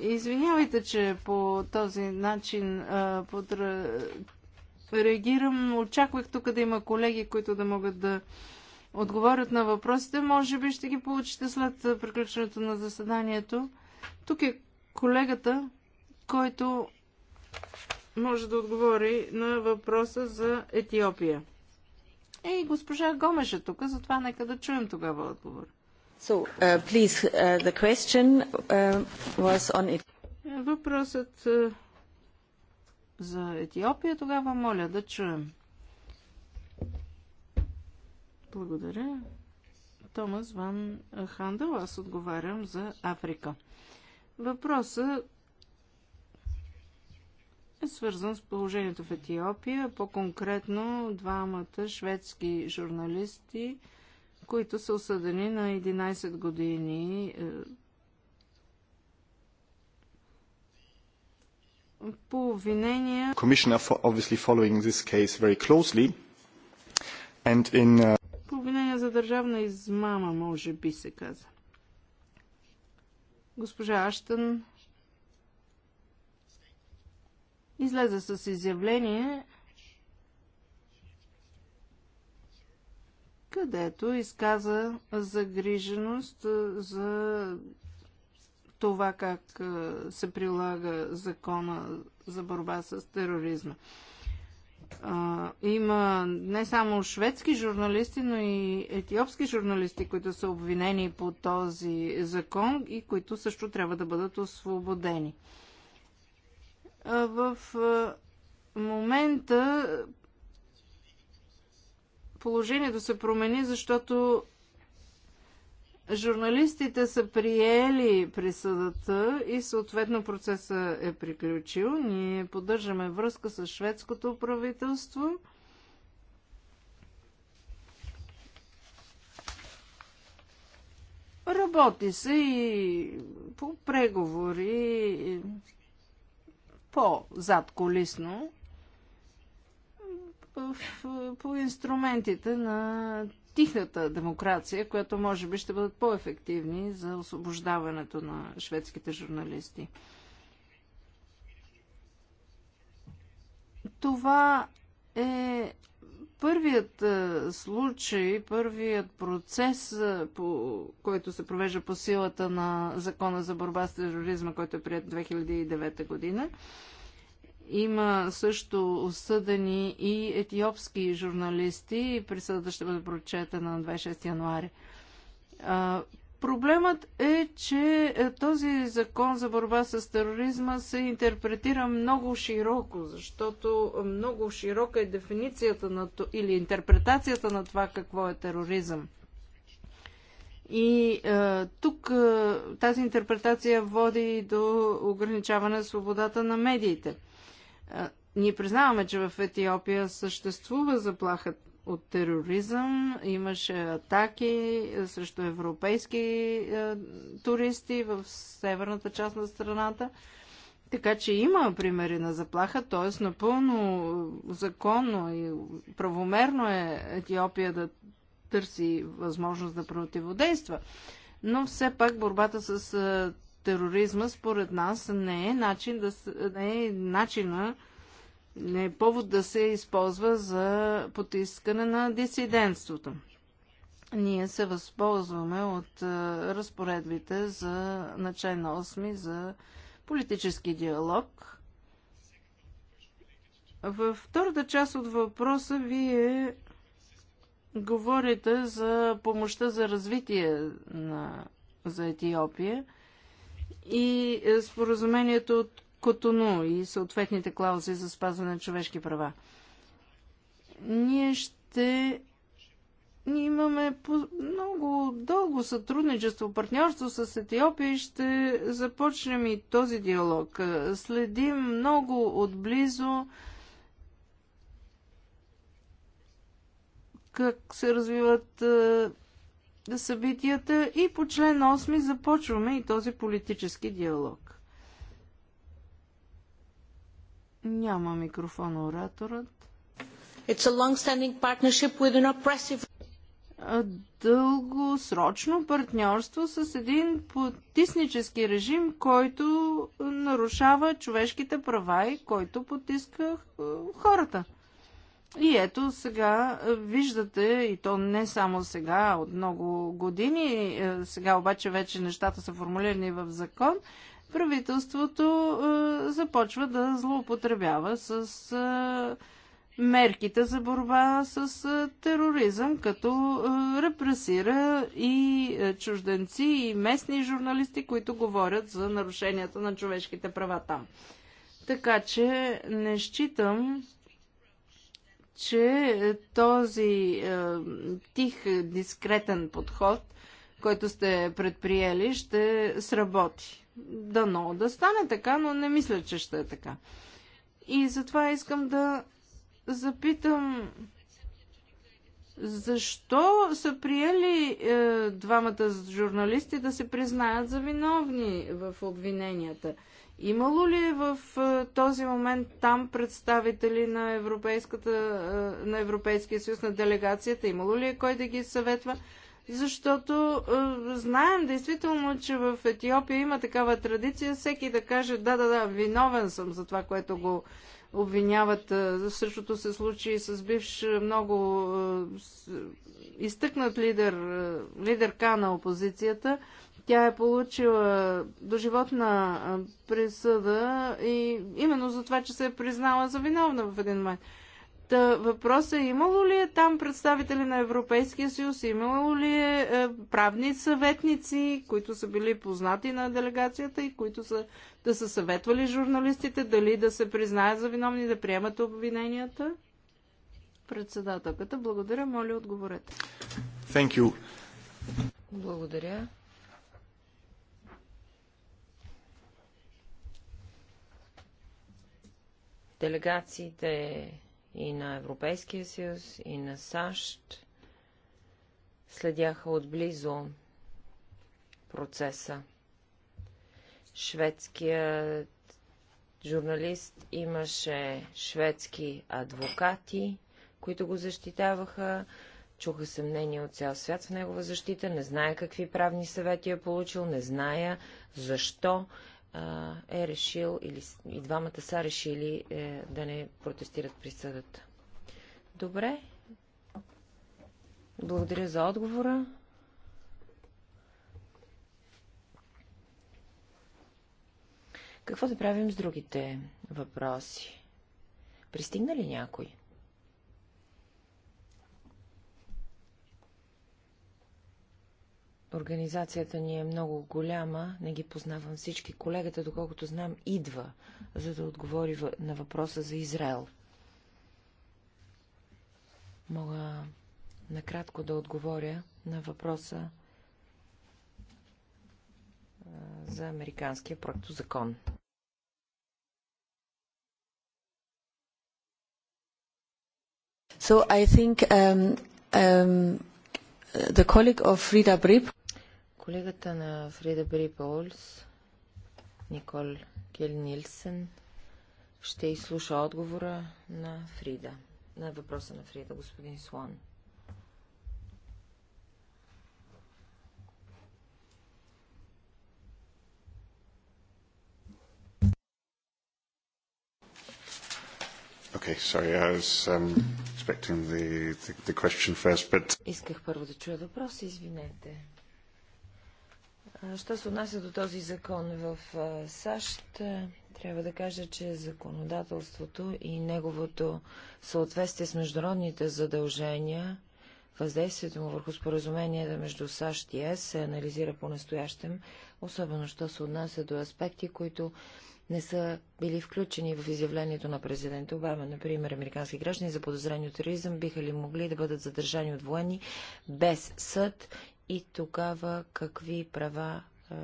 Извинявайте, че по този начин а, подра... реагирам. Очаквах тук да има колеги, които да могат да отговорят на въпросите. Може би ще ги получите след приключването на заседанието. Тук е колегата, който може да отговори на въпроса за Етиопия. Ей, госпожа Гомеш е тук, затова нека да чуем тогава отговор. So, uh, please, uh, the question uh, was on it. Въпросът uh, за Етиопия тогава моля да чуем. Благодаря. Томас Ван Хандел, аз отговарям за Африка. Въпросът е свързан с положението в Етиопия, по-конкретно двамата шведски журналисти, които са осъдени на 11 години е, по обвинения. Commissioner for obviously following this case very closely and in uh... по за държавна измама, може би се каза. Госпожа Аштън излезе с изявление, където изказа загриженост за това как се прилага закона за борба с тероризма а, има не само шведски журналисти, но и етиопски журналисти, които са обвинени по този закон и които също трябва да бъдат освободени. А, в а, момента положението се промени, защото Журналистите са приели присъдата и съответно процеса е приключил. Ние поддържаме връзка с шведското правителство. Работи се и по преговори по-задколисно в, по инструментите на тихата демокрация, която може би ще бъдат по-ефективни за освобождаването на шведските журналисти. Това е първият е, случай, първият процес, е, по, който се провежда по силата на Закона за борба с тероризма, който е прият 2009 година. Има също осъдени и етиопски журналисти. Присъдата ще бъде прочетена на 26 януари. Проблемът е, че е, този закон за борба с тероризма се интерпретира много широко, защото много широка е дефиницията на то, или интерпретацията на това какво е тероризъм. И е, тук е, тази интерпретация води до ограничаване на свободата на медиите. Ние признаваме, че в Етиопия съществува заплаха от тероризъм, имаше атаки срещу европейски туристи в северната част на страната. Така че има примери на заплаха, т.е. напълно законно и правомерно е Етиопия да търси възможност да противодейства. Но все пак борбата с тероризма, според нас, не е начин да не е начина, не е повод да се използва за потискане на дисидентството. Ние се възползваме от разпоредбите за начай на 8 за политически диалог. Във втората част от въпроса вие говорите за помощта за развитие на, за Етиопия – и е, споразумението от Котону и съответните клаузи за спазване на човешки права. Ние ще ние имаме много дълго сътрудничество, партньорство с Етиопия и ще започнем и този диалог. Е, следим много отблизо как се развиват е, събитията и по член 8 започваме и този политически диалог. Няма микрофон ораторът. It's a long-standing partnership with an oppressive дългосрочно партньорство с един потиснически режим, който нарушава човешките права и който потиска хората. И ето сега е, виждате, и то не само сега, от много години, е, сега обаче вече нещата са формулирани в закон, правителството е, започва да злоупотребява с мерките за борба с тероризъм, като репресира и чужденци, и местни журналисти, които говорят за нарушенията на човешките права там. Така че не считам, че е, този е, тих, дискретен подход, който сте предприели, ще сработи. Дано да стане така, но не мисля, че ще е така. И затова искам да запитам защо са приели е, двамата журналисти да се признаят за виновни в обвиненията? Имало ли е в е, този момент там представители на, Европейската, е, на Европейския съюз, на делегацията? Имало ли е кой да ги съветва? Защото е, знаем действително, че в Етиопия има такава традиция всеки да каже да, да, да, виновен съм за това, което го обвиняват. Същото се случи с бивш много изтъкнат лидер, лидерка на опозицията, тя е получила доживотна присъда и именно за това, че се е признала за виновна в един момент. Та въпросът е имало ли е там представители на Европейския съюз, имало ли е, е правни съветници, които са били познати на делегацията и които са да са съветвали журналистите, дали да се признаят за виновни, да приемат обвиненията? Председателката, благодаря, моля отговорете. Thank you. Благодаря. делегациите и на Европейския съюз, и на САЩ следяха отблизо процеса. Шведският журналист имаше шведски адвокати, които го защитаваха. Чуха се мнения от цял свят в негова защита. Не зная какви правни съвети е получил, не зная защо е решил или и двамата са решили е, да не протестират присъдата. Добре. Благодаря за отговора. Какво да правим с другите въпроси? Пристигна ли някой? Организацията ни е много голяма, не ги познавам всички. Колегата, доколкото знам, идва, за да отговори на въпроса за Израел. Мога накратко да отговоря на въпроса за американския проектозакон. So I think um, um, the colleague of Frida Brip Колегата на Фрида Бриполс, Никол Кел Нилсен, ще изслуша отговора на Фрида, на въпроса на Фрида, господин Слон. Okay, sorry, I was um, expecting the, the, the question first, but... Исках първо да чуя въпроса, извинете. Що се отнася до този закон в САЩ, трябва да кажа, че законодателството и неговото съответствие с международните задължения, въздействието му върху споразуменията между САЩ и ЕС се анализира по-настоящем, особено що се отнася до аспекти, които не са били включени в изявлението на президента Обама. Например, американски граждани за подозрение от тероризъм биха ли могли да бъдат задържани от военни без съд и тогава какви права е,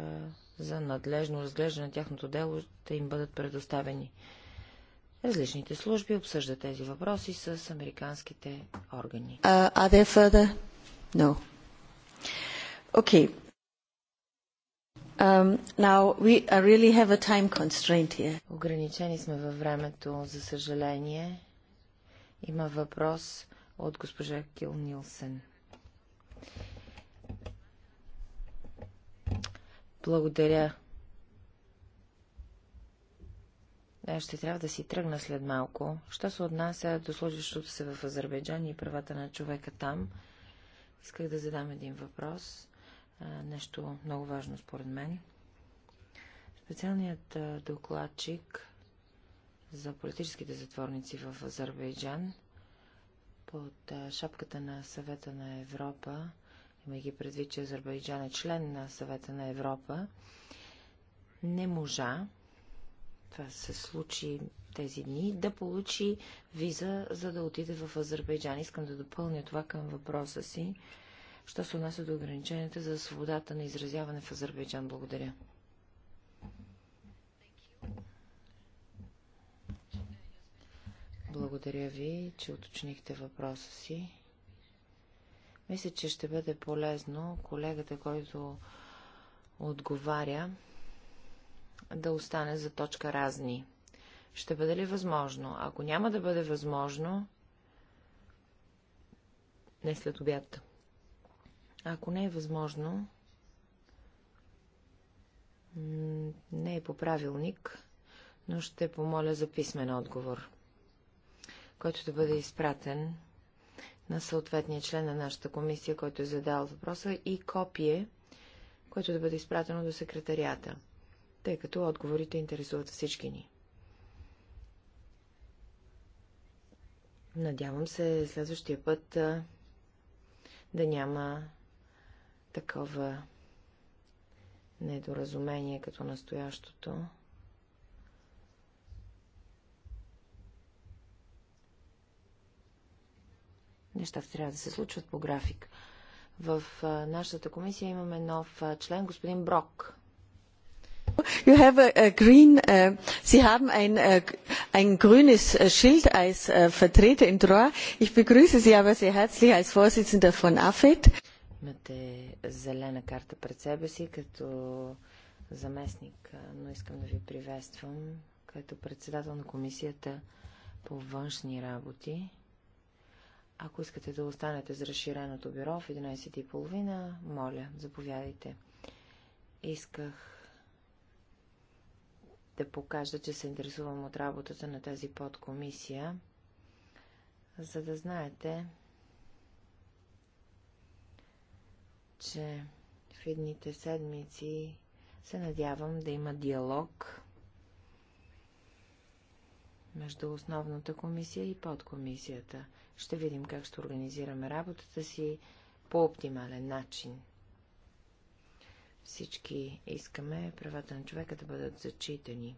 за надлежно разглеждане на тяхното дело да им бъдат предоставени. Различните служби обсъждат тези въпроси с американските органи. Uh, are there further? No. Okay. Um, now we really have a time constraint here. Ограничени сме във времето, за съжаление. Има въпрос от госпожа Кил Нилсен. Благодаря. Аз ще трябва да си тръгна след малко. Що се отнася до служащото се в Азербайджан и правата на човека там, исках да задам един въпрос. Нещо много важно според мен. Специалният докладчик за политическите затворници в Азербайджан под шапката на съвета на Европа имайки предвид, че Азербайджан е член на съвета на Европа, не можа, това се случи тези дни, да получи виза, за да отиде в Азербайджан. Искам да допълня това към въпроса си, що се отнася до ограниченията за свободата на изразяване в Азербайджан. Благодаря. Благодаря ви, че уточнихте въпроса си. Мисля, че ще бъде полезно колегата, който отговаря, да остане за точка разни. Ще бъде ли възможно? Ако няма да бъде възможно, не след обяд. Ако не е възможно, не е по правилник, но ще помоля за писмен отговор, който да бъде изпратен на съответния член на нашата комисия, който е задал въпроса, и копие, което да бъде изпратено до секретарията, тъй като отговорите интересуват всички ни. Надявам се следващия път а, да няма такова недоразумение като настоящото. Нещата трябва да се случват по график. В нашата комисия имаме нов член, господин Брок. You have a, a green, uh, Sie haben ein, uh, ein grünes Schild als uh, uh Vertreter in Troa. Ich begrüße Sie aber sehr herzlich als Vorsitzender von AFED. Имате зелена карта пред себе си като заместник, но искам да ви приветствам като председател на комисията по външни работи. Ако искате да останете за разширеното бюро в 11.30, моля, заповядайте. Исках да покажа, че се интересувам от работата на тази подкомисия, за да знаете, че в едните седмици се надявам да има диалог между основната комисия и подкомисията – ще видим как ще организираме работата си по оптимален начин. Всички искаме правата на човека да бъдат зачитани.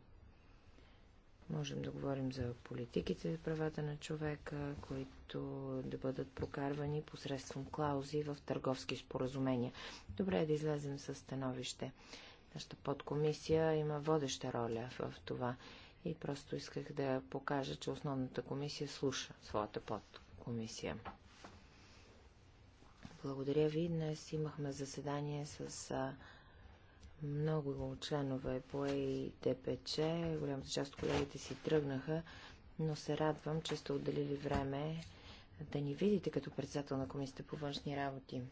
Можем да говорим за политиките за правата на човека, които да бъдат прокарвани посредством клаузи в търговски споразумения. Добре е да излезем с становище. Нашата подкомисия има водеща роля в това и просто исках да покажа, че основната комисия слуша своята подкомисия комисия. Благодаря ви. Днес имахме заседание с много членове по ЕИТПЧ. Голямата част от колегите си тръгнаха, но се радвам, че сте отделили време да ни видите като председател на Комисията по външни работи.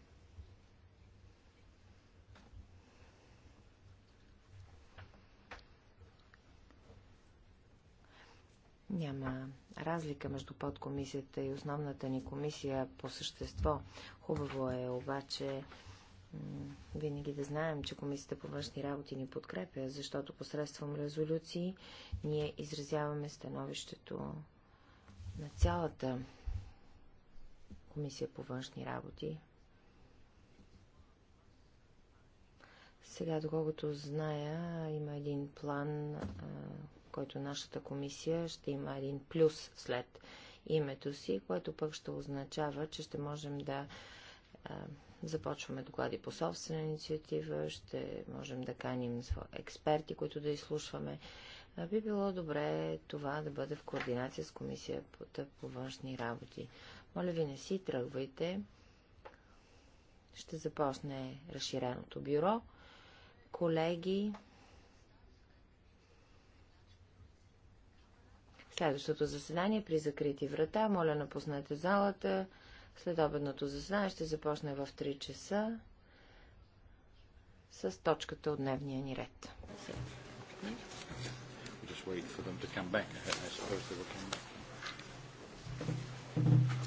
Няма разлика между подкомисията и основната ни комисия по същество. Хубаво е обаче винаги да знаем, че Комисията по външни работи ни подкрепя, защото посредством резолюции ние изразяваме становището на цялата Комисия по външни работи. Сега, доколкото зная, има един план, който нашата комисия ще има един плюс след името си, което пък ще означава, че ще можем да а, започваме доклади по собствена инициатива, ще можем да каним експерти, които да изслушваме. А, би било добре това да бъде в координация с комисията по външни работи. Моля ви, не си тръгвайте. Ще започне разширеното бюро. Колеги, Следващото заседание при закрити врата. Моля, напуснете залата. След обедното заседание ще започне в 3 часа с точката от дневния ни ред. Just wait for them to come back. I suppose they will come back.